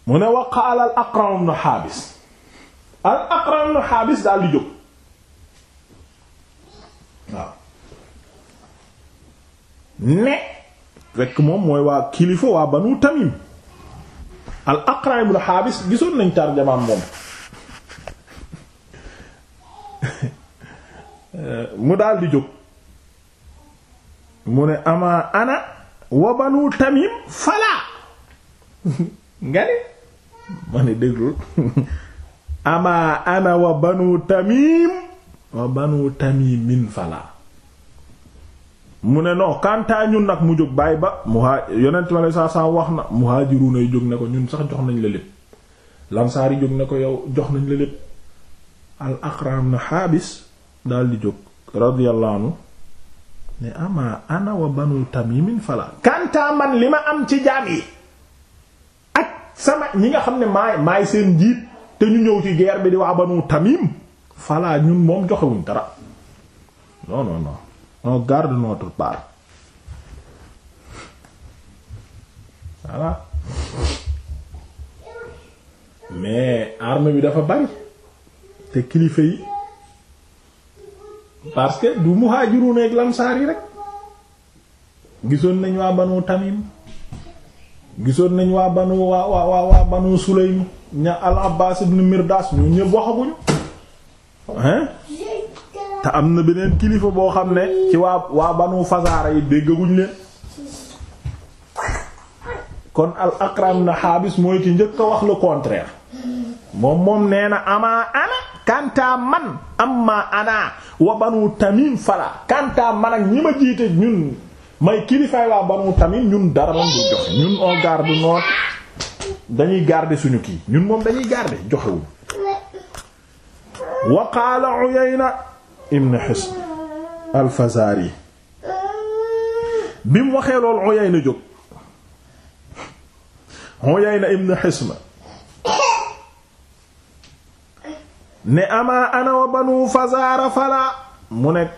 mu ne wa qaala al aqra ibn al Aqra ibn Haabis daal di jóg waaw ne rekk moom mooy waa kilifa waa Banu Tamim al Aqra ibn Haabis gisoon nañ tarjamaam moom mu daal di jóg mu ne ama ana wa Banu Tamim fala nga ne ma ne déglul ama ana wa banu tamim wa banu tamimin fala mu ne non kantaa ñun nag mu jóg baay ba muha yonent ma lay saa saa wax na muhaajiruuna jóg ne ko ñun sax jox nañ la lépp lansaar yi jóg ne ko yow jox nañ la lépp al aqram na xaabis daal di jóg radiyallahu anhu ne ama ana wa banu tamimin fala kantaa man li ma am ci jaam yi ak sama ñi nga xam ne maay maay seen njiit te ñu ñëw ci guerre bi di waa banu tamim falaa ñun moom joxewuñ dara non non non on garde notre part voilà mais arme bi dafa bari te kilifa yi parce que du muhaajiruun ak lamsaar yi rek gisoon nañ waa banu tamim gisoon nañ waa banu waa waa waa banu sulaym ña al Abbaas ibn Mirdaas ñu ñëpp waxaguñu hein te am na beneen kilifa boo xam ne ci waa waa banu fasaara yi déggaguñ leen kon al Aqram na xaabis mooy ki njëkk a wax le contraire moom moom nee na amaa ana kantaa man amaa ana wa banu tamim fala kantaa man ak ñi ma jiite ñun may kilifaay waa banu tamim ñun dara lañ du joxe ñun on garde notre dañuy garder suñu kii ñun moom dañuy garder joxewuñ wa qaala Uyayna ibn Hisn al bi mu waxee lool Uyayna jóg Uyayna ibn Hisn ne ama ana wa banu Fazara fala mu nekk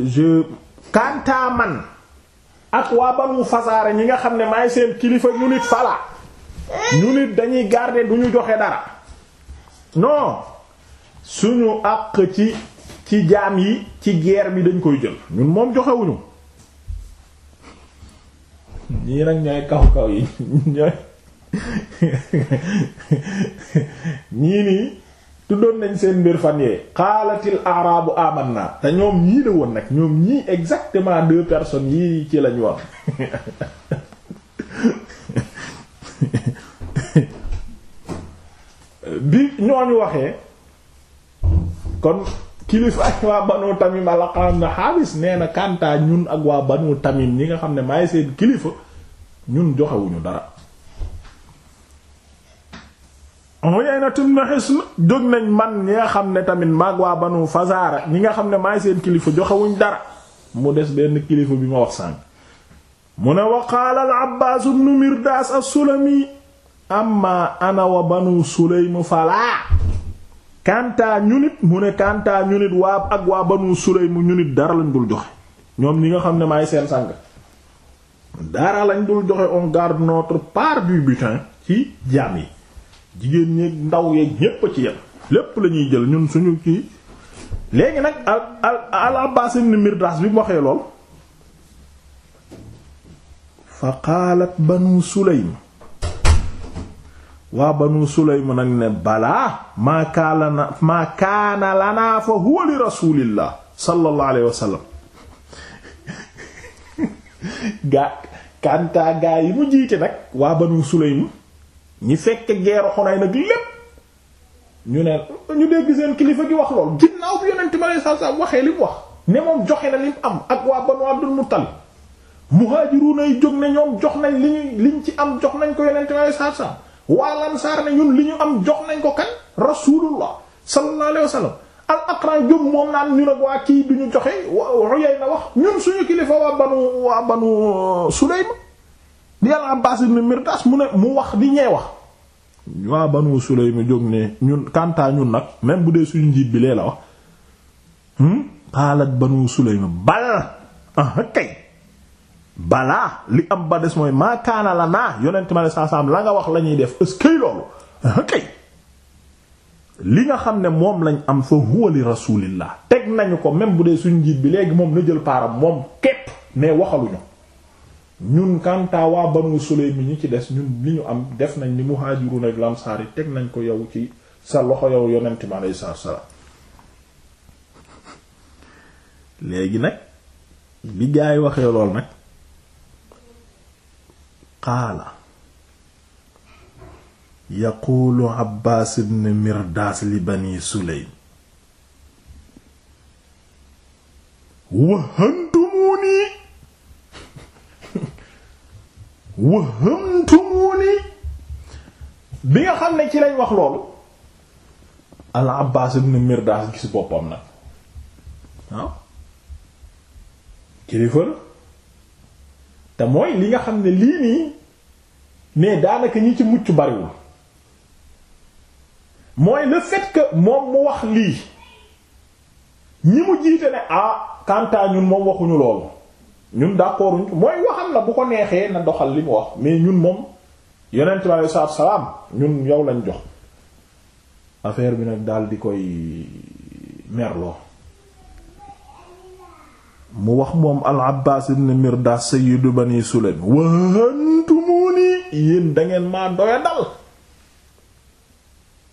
je kanta man ak waa banu Fazara ñi nga xam ne maay seen kilifa ñu nit fala ñu nit dañuy garder du ñu joxe dara non suñu àq ci ci jaam yi ci geer bi dañ koy jël ñun moom joxewuñu ñii nag ñooy kaw kaw yi ñooy ñii nii tuddoon nañ seen mbir fan yee xaalatil arabu aman na te ñoom ñii la woon nag ñoom ñii exactement deux personnes yii ci lañ wax bi ñooñu waxee kon kilifa ak waa banu tamim alaqam xaalis nee na kantaa ñun ak waa banu tamim ñi nga xam ne maay seen kilifa ñun joxewuñu dara Uyayna man ñi nga xam ne tamit maag waa banu Fazara ñi nga xam ne maay seen kilifa joxewuñ dara mu des benn kilifa bi ma wax sànq mu ne wa qaala al Abbaas Mirdaas as-Sulami amma ana wa banu sulaym falaa kantaa ñu nit mu ne kantaa ñu nit waa ak waa banu sulaym ñu nit dara lañ dul joxe ñoom ñi nga xam ne maay seen sàng dara lañ dul joxe on garde notre part du butin ci jaam yi jigéen ñi ndaw yeeg ñépp a ci yem lépp la ñuy jël ñun suñu kii léegi nag al al al Abbaas Mirdaas bi mu waxee lool fa qaalat banu Sulaym waa banu Sulaym nag ne balaa maa kaana maa kaana lanaa fa huwa li rasulillah sallallahu alayhi wa gaa kantaa gaa yi mu jiite nag waa banu Sulaym ñi fekk geeru Xunayn nag lépp ñu ne ñu dégg seen kilifa gi wax lool ginnaaw bi yonent bi sallallahu alayhi wa sallam waxee li mu wax ne moom joxe na li mu am ak waa banu Abdul Muttalib muhaajiruun ay jóg ne ñoom jox nañ li liñ ci am jox nañ ko yonent bi sallallahu alayhi wa waa lansaar ne ñun li ñu am jox nañ ko kan rasulullah sallallahu alayhi wa sallam al aqra jum moom naan ñun ak waa kii du ñu joxe Uyayna wax ñun suñu kilifa waa waa banu Sulaym di al Abbas ibn Mirdas mu ne mu wax di ñee wax waa banu Sulaym jóg ne ñun kantaa ñun nag même bu dee suñu njiit bi lee la wax hmm? qaalat banu Sulaym bal ah kay balaa li am ba des mooy maakaana la naa yonent ma ne saasaam la nga wax lañuy def est-ce que loolu ah, kay li nga xam ne moom lañ am fa huwa li teg nañu ko même bu dee suñ njiit bi léegi moom na jël paaram moom képp mais waxaluñu ñun kanta waa mu Sulaym mi ñu ci des ñun li ñu am def nañ ni muhaajirun ak lamsaar yi teg nañ ko yow ci sa loxo yow yonent mi aleyhi salaatu salaam léegi nag bi yi waxee lool nag qaala yaquulu abbaas ibn mirdaas li bani suleym wahamtumuuni wahamtumuuni bi nga xam ne ci lay wax loolu al abbaas ibn mirdaas gis boppam nag waaw ah? kilifa te mooy li nga xam ne lii nii mais daanaka ñi ci mucc bariwul mooy le fait moom mu wax lii ñi mu jiite ne ah kantaa ñun moom waxuñu loolu ñun d'accord uñ mooy waxam la bu ko neexee na doxal li mu wax mais ñun moom yonent bi salaam ñun yow lañ jox affaire bi nag daal di koy merloo mu wax moom al abbaas ibn mirdaas sayyidu bani sulaym wahantumuni yéen dangeen maa doya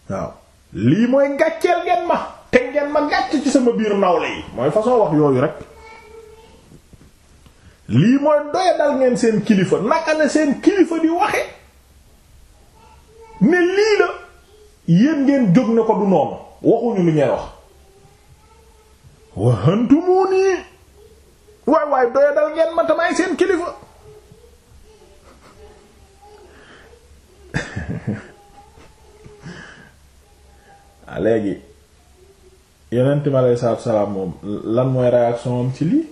waaw lii mooy gàcceel ngeen ma te ngeen ma gàcc ci sama biir nawle yi mooy façon wax yooyu rek lii mooy doya ngeen seen kilifa naka la seen kilifa di waxe ne lii la yéen ngeen jóg ne ko du noonu waxuñu li ngeen wax wahantumuni waay waay doya dal ngeen ma tamaay seen kilifa a ah, léegi yonent mi aleyhi salaam moom lan mooy réaction moom ci lii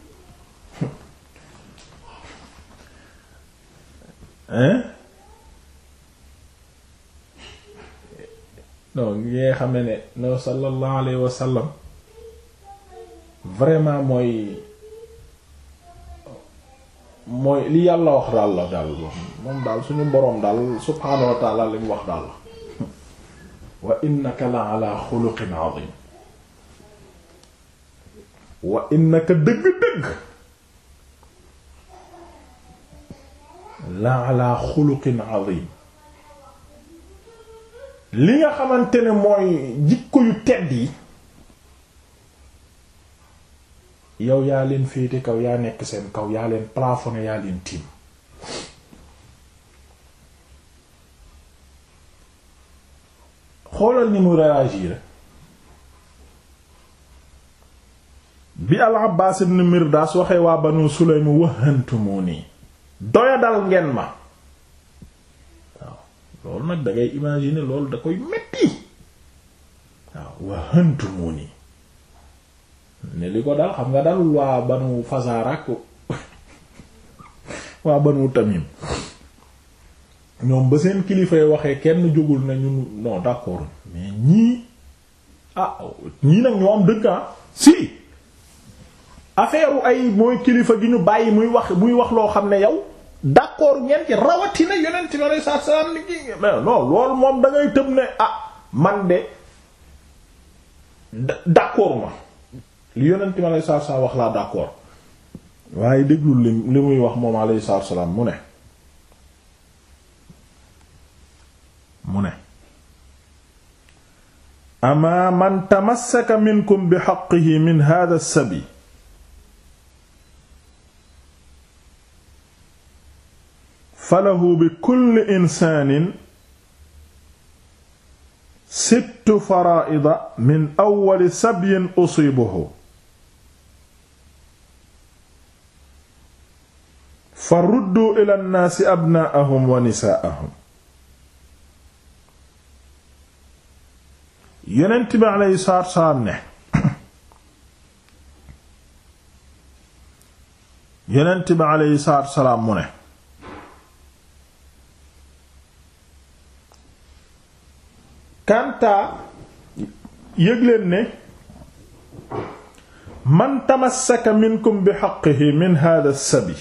hein non ngi nga xam ne ne sallallahu alayhi wa sallam vraiment mooy mooy li yàlla wax daal la daal moom daal suñu boroom daal subhaanahu wa taala li mu wax daal la wa innaka la ala xuluqin azim wa innaka dëgg-dëgg la ala xuluqin azim li nga xamante ne mooy jikko yu tedd yi yow yaa leen féete kaw yaa nekk seen kaw yaa leen plafonné yaa leen tiim xoolal ni mu réagir bi al Abbaas ibn Mirdaas waxee waa Banu Sulaym wahantumuni doya dal ngeen ma waaw loolu nag da ngay loolu da koy metti waaw wahantumuni ne li ko dal xam nga dalul waa banu Fazarak waa banu Tamim ñoom ba seen kilifa waxee kenn jógul na ñun non d'accord mais ñii ah ñii nag ñoo am dëgg ah, si affaire ay mooy kilifa gi ñu bàyyi muy wax muy wax loo xam ne yow d'accord ngeen ci rawatina yeneen ci loolu saa saa ni kii mais non loolu moom da ngay tëb ne ah man de d'accord ma. li yonent mi alayhi salaatu salaam wax laa d'accord waaye déglul li li muy wax moom alayhi salaatu salaam mu ne mu ne amaa man tamassaka minkum bi haqqihi min hadha as-sabi falahu bi kulli insaanin sittu faraa'ida min awwali sabyin usiibuhu fa ruddu ila nnaasi abnaahum wa nisaahum yonent bi alayhi man tamassaka minkum bi haqqihi min haaza as-sabi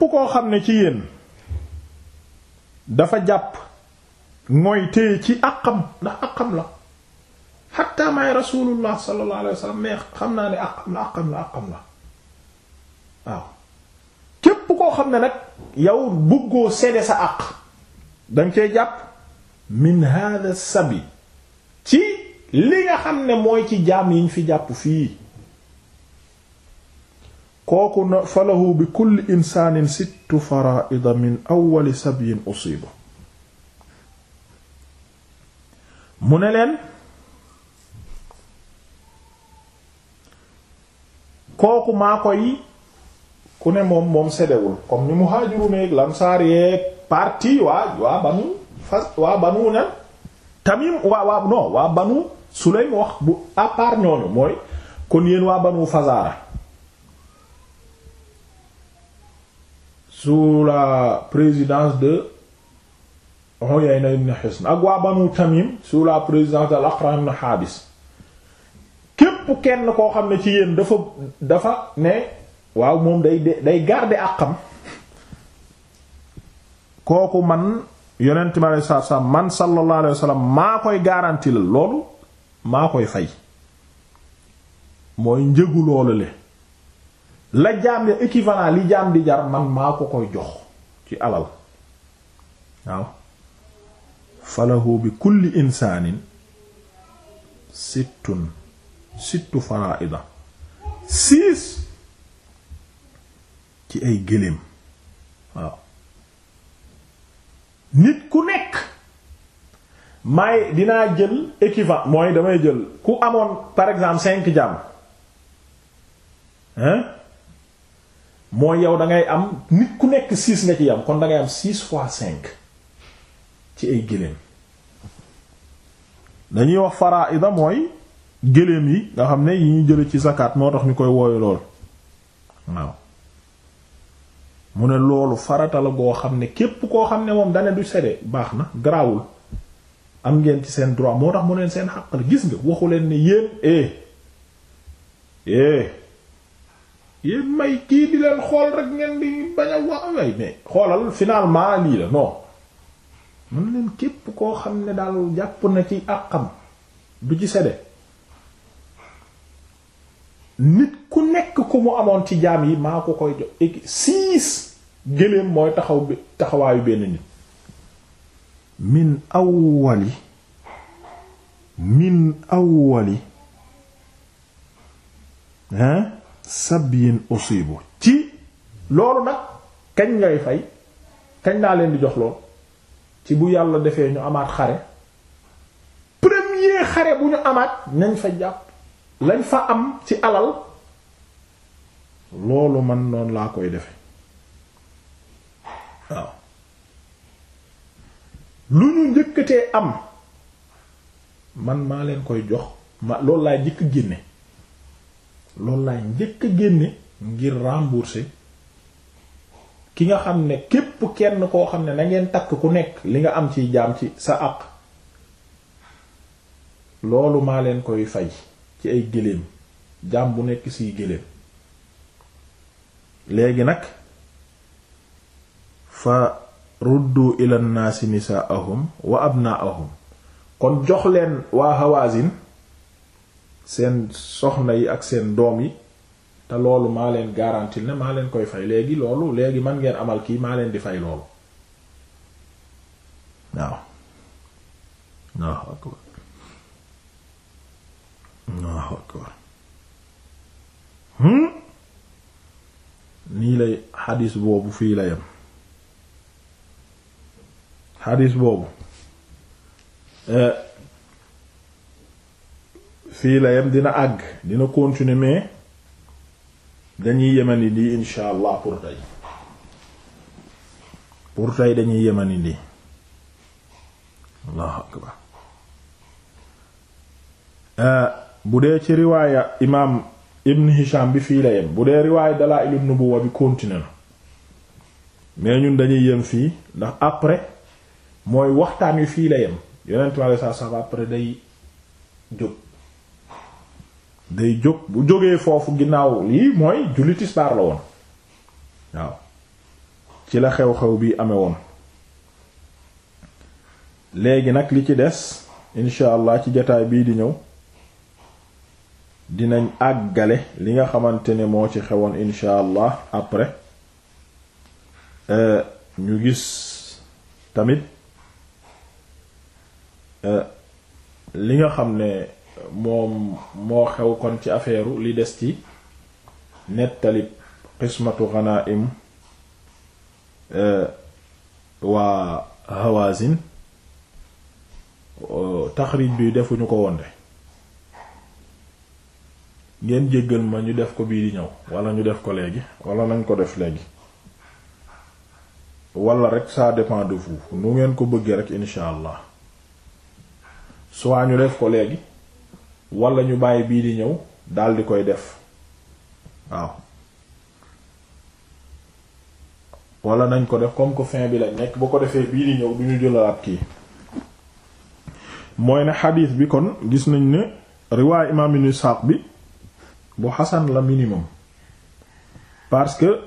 képp koo xam ne ci yéen dafa jàpp mooy téye ci àqam ndax àqam la xatta may rasulullah sallallahu alayhi wasallam xam naa ne àqam la àqam la àqam waaw képp koo xam ne nag yow bëggoo séede sa àq danga cee jàpp min hada sabi ci li nga xam ne mooy ci jaam yiñ fi jàpp fii kooku na falahu bi kulli insaanin sittu fara'ida min awwali sabyin usiba mu ne leen kooku maa koy ku ne moom moom sedewul comme ni muhaajiruun ak lansaar yeeg parti waa waa banu fas waa banu nen tamim waa waa non waa banu sulaym wax bu à part ñooñu mooy kon yéen waa banu fazaara su la présidence de Uyayna ibn Hisn ak waa Banu Tamim sous la présidence de al-Aqra képp kenn koo xam ne ci yéen dafa dafa ne waaw moom day day garder àqam kooku man yonent bi alei satu salaam man sallallahu alayhi wa sallam maa koy garanti la loolu maa koy fay mooy njëgu loolu le la jaam ya équivalent li jaam di jar man maa ko koy jox ci alal waaw falahu bi kulli insaanin sittun sittu faraida six ci ay gëléem waaw nit ku nekk may dinaa jël équivalent mooy damay jël ku amoon par exemple cinq jaam hein mooy yow dangay am nit ku nekk six nga ci am kon da ngay am six fois cinq ci ay gëléem dañuy wax faraida mooy gëléem yi nga xam ne yi ñu jële ci zakat moo tax ñu koy wooyu lool waaw mu ne loolu faratala la goo xam ne képp koo xam ne moom dane du sede baax na garaawul am ngeen ci seen droit moo tax mu neen seen xàq la gis nga waxu leen ne yéen eh, eh. yéen may kii di leen xool rek ngeen di bañ a wax way mais xoolal finalement lii la non mën leen képp koo xam ne daal jàpp na ci àqam du ci sedde nit ku nekk ku mu amoon ci jaam yi maa ko koy jox siis gëléem mooy taxaw taxawaayu benn nit min awwali min awwali hein sabyin usibu ci loolu nag kañ ngay fay kañ laa leen di jox lool ci bu yàlla defee ñu amaat xare premier xare bu ñu amaat nañ fa jàpp lañ fa am ci alal loolu man noonu laa koy defe waaw lu ñu njëkkatee am man maa leen koy jox ma loolu laay jëkk génne loolu laay njëkk a génne ngir rembourser ki nga xam ne képp kenn koo xam ne na ngeen takk ku nekk li nga am ciy jaam ci sa àq loolu maa leen koy fay ci ay gëléem jaam bu nekk siy gëléem léegi nag fa ruddu ila nnaasi nisaahum wa abnaahum kon jox leen waa Hawazin seen soxna yi ak seen doom yi te loolu maa leen garantil ne maa leen koy fay léegi loolu léegi man ngeen amal kii maa leen di fay loolu waaw waaw akbar waaw akbar hmm? nii lay xadis boobu fii la yem xadis boobu eh, fii la yem dina àgg dina continuer mais dañuy yemani lii insha allah pour tey pour tey dañuy yemani lii allahu euh, bu dee ci riwaaya imaam ibn hisham bi fii la yem bu dee riwaaya dalaa'ilun nubuwwa bi continuer na mais ñun dañuy yem fii ndax après mooy waxtaan wi fii la yem yonentu Yàlla saa saa après day jóg day jóg bu jógee foofu ginnaaw lii mooy julli tisbaar la woon waaw ci la xew-xew bi amee léegi nag li ci des incha allah ci jataay bii di ñëw dinañ àggale li nga xamante ne moo ci xewoon incha après eh, ñu gis tamit eh, li nga xam ne moom moo xew kon ci affaire li des ci nettali qismatu ghanaim euh, waa Hawazin euh, taxrij bi defuñu ko wonde ngeen jéggal ma ñu def ko bii di ñëw wala ñu def ko léegi wala nañ ko def léegi wala rek ça dépend de vous nu ngeen ko bëggee rek incha allah soit ñu def ko léegi wala ñu bàyyi bii di ñëw dal koy def waaw wala nañ ko def comme que fin bi lañ nekk bu ko defee bii di ñëw du ñu jëlalaat ki mooy ne xadiis bi kon gis nañ ne riwaay imaam ibn Isaaq bi bu xasan la minimum parce que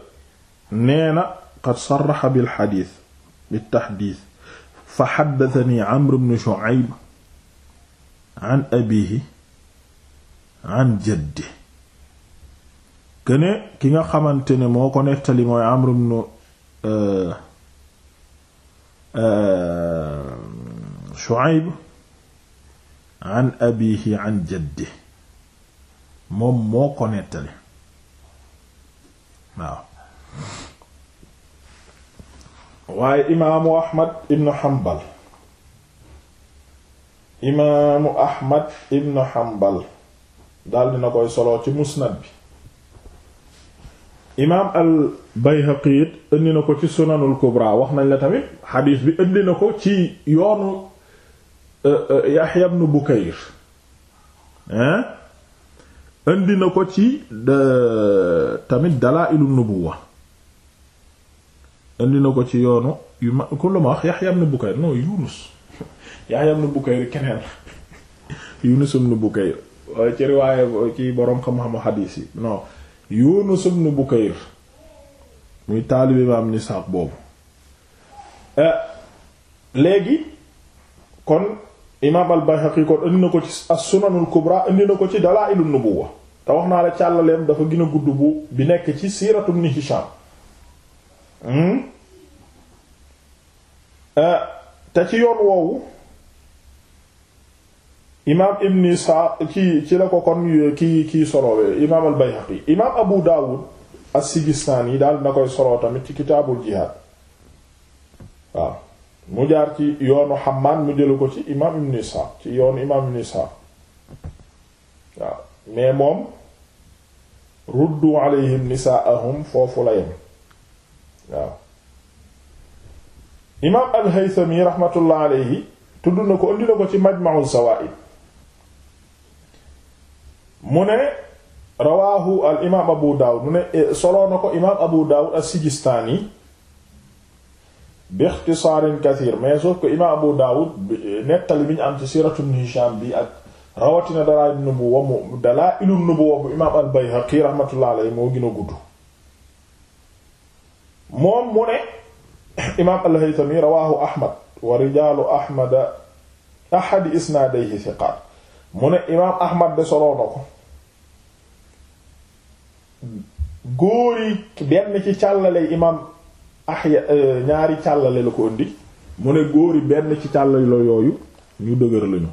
nee na qad sarraxa bil xadiis bi taxdiis fa xaddatani Amr ibn Shu'ayb an abiihi an këne ki nga xamante ne moo ko nettali mooy Amr ibn euh, euh, Shu'ayb an abiihi an jaddi moom moo ko nettali waaw waaye imaamu Ahmad ibn Hanbal imaamu Ahmad ibn Hanbal daal dina koy solo ci musnad bi imaam al bayhaqi indi na ko ci sunanul kubra wax nañ la tamit xadiis bi indi na ko ci yoonu euh, euh, yaxya ibn bukayr indi na ko ci tamit dalaa'ilu ko ci yoonu yu ma ku wax yaxya ibn bukayr non yunus yaxya ibn bukayr keneen yunus ibn bukayr ci riwaaye ci boroom xam-xamu xadiis yi non Yunus ibn Bukayr muy taalibi imaam nisaaq boobu eh, léegi kon imaam al-Bayhaqi kon indi na ko ci sunanul Kubra indi na ko ci Dalaa'ilun Nubuwwa te wax naa la càllaleem dafa gën a gudd bu bi nekk ci siiratu Ibn Hishaam hmm? eh, te ci yoon woowu imaam ibn Isxaaq ci ci la ko kon ki kii solowee imaam al Bayhaqi imaam Abu Daawud as-Sijistaani daal na koy solo tamit ci kitaabul jihaad waaw mu jaar ci yoonu Hammad mu jëlu ko ci imaam ibn Isxaaq ci yoonu imaam ibn Isxaaq waaw mais moom ruddu alayhim nisaa'ahum foofu la yem waaw imaam al-Haythami rahmatullah alayhi tudd na ko indi na ko ci Majma'u Zawaa'id mu ne rawaahu al imaam abu daawud mu e, ko imaam abu daawud as-sijistaani bi ixtisaarin kathir mais sauf imaam abu daawud e, nettali bi am ci siiratu ibn bi ak rawatina dalaa nubuwa mu dalaa nubuwa bu imaam al bayhaqi rahmatullah alayhi moo gën a gudd moom mu imaam al haythami rawaahu ahmad wa rijaalu ahmad ahadi isnaadayhi thiqaat mu ne imaam ahmad de soloo ko góor benn ci càllale imaam ahya eh, ñaari càllale la ko indi mu ne góor yi benn ci càllale la yooyu ñu dëgër lañu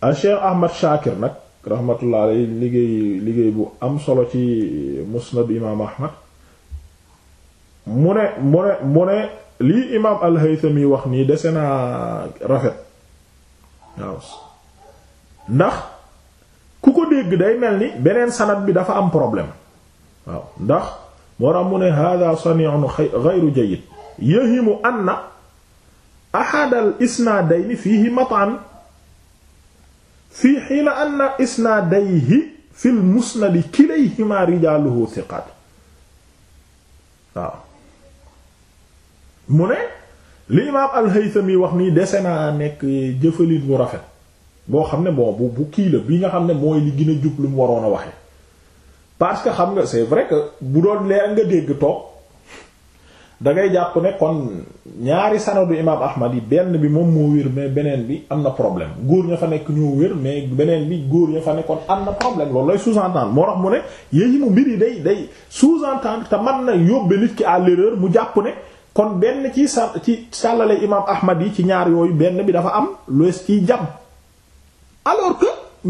a ah, cheikh ahmad shaakir nag rahmatullah alayhi liggéey liggéey bu am solo ci musnad imaam ahmad mu ne mu ne mu ne lii imaam al wax nii dese naa rafet waaw ndax ku ko dégg day mel ni beneen sanad bi dafa am problème waaw ndax moo tax mu ne hada sani'un ghayru jayyid yahimu anna ahad al isnadayni fihi mat'an fii hiina anna isnadayhi fil musnadi kilayhima rijaluhu thiqat waaw mu ne li imaam al-Haythami wax mi dese naa nekk jëfalin bu rafet boo xam ne bon bu bu kii la bi nga xam ne mooy li gën a jub lu mu waroon a waxe parce que xam nga c'est vrai que bu doon leer nga dégg toog da ngay jàpp ne kon ñaari sanadu imaam Ahmad yi benn bi moom moo wér mais beneen bi am na problème góor ña fa nekk ñoo wér mais beneen bi góor ña fa nekk kon am na problème loolu lay sous-entendre moo tax mu ne yéen mu mbir yi day day en entendre te mën na yóbbe nit ki à l'erreur mu jàpp ne kon benn ci sa ci sàllale imaam Ahmad yi ci ñaar yooyu benn bi dafa am lu ci jàpp. alors que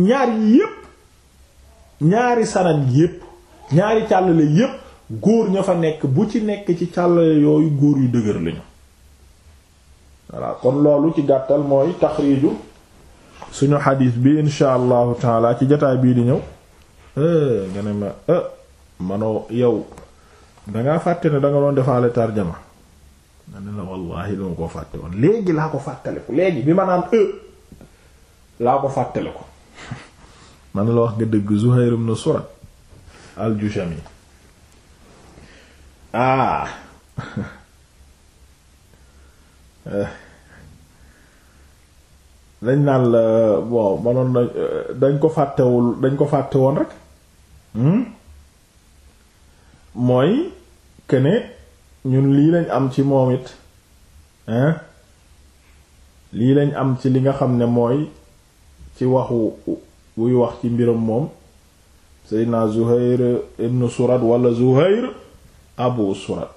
ñaar yépp ñaari sanad yépp ñaari càllale yépp góor ña fa nekk bu ci nekk ci càllale yooyu góor yu dëgër lañu voilà kon loolu ci gàttal mooy taxriiju suñu xadiis bi insha allahu taala ci jotaay bii di ñëw nga ne ma manoo yow dangaa fàtte ne danga doon defaale tarjama ma ne la wallahi dama koo fàtte woon léegi laa ko fàttaliku léegi bi ma naan laa ko fàttale ko man la wax nga dëgg Zuhayr ibn Surat al-Jushami ah dañ naan la bon manoon na dañ ko fàttewul dañ ko fàtte woon rek hmm? mooy këne ñun lii lañ am ci moom it lii lañ am ci li nga xam ne mooy ci waxu buy wax ci mbiram moom seydna zuhair ibn surad wala zuhair abu surad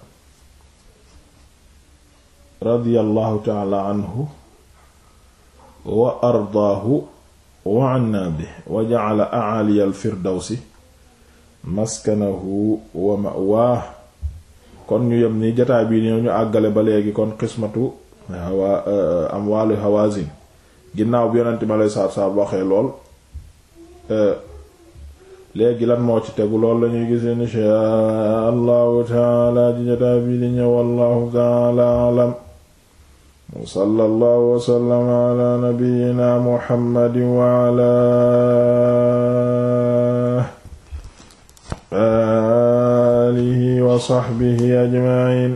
radiyallahu taala anhu wa ardaahu wa anna wa jacala acaaliya alfirdawsi maskanahu wa ma'waah kon ñu yem ni jataay bi ñoo ñu àggale ba léegi kon qismatu hawa eh, amwaalu hawazin ginnaaw bi yonent ma lay saab saab waxee lool euh, léegi lan moo ci tegu lool lañuy gis inshaa allahu taala ci jataa bi di ñëw wallahu taala alam wa sallallahu wa sallama ala nabiyyina muhammadin wa ala alihi wa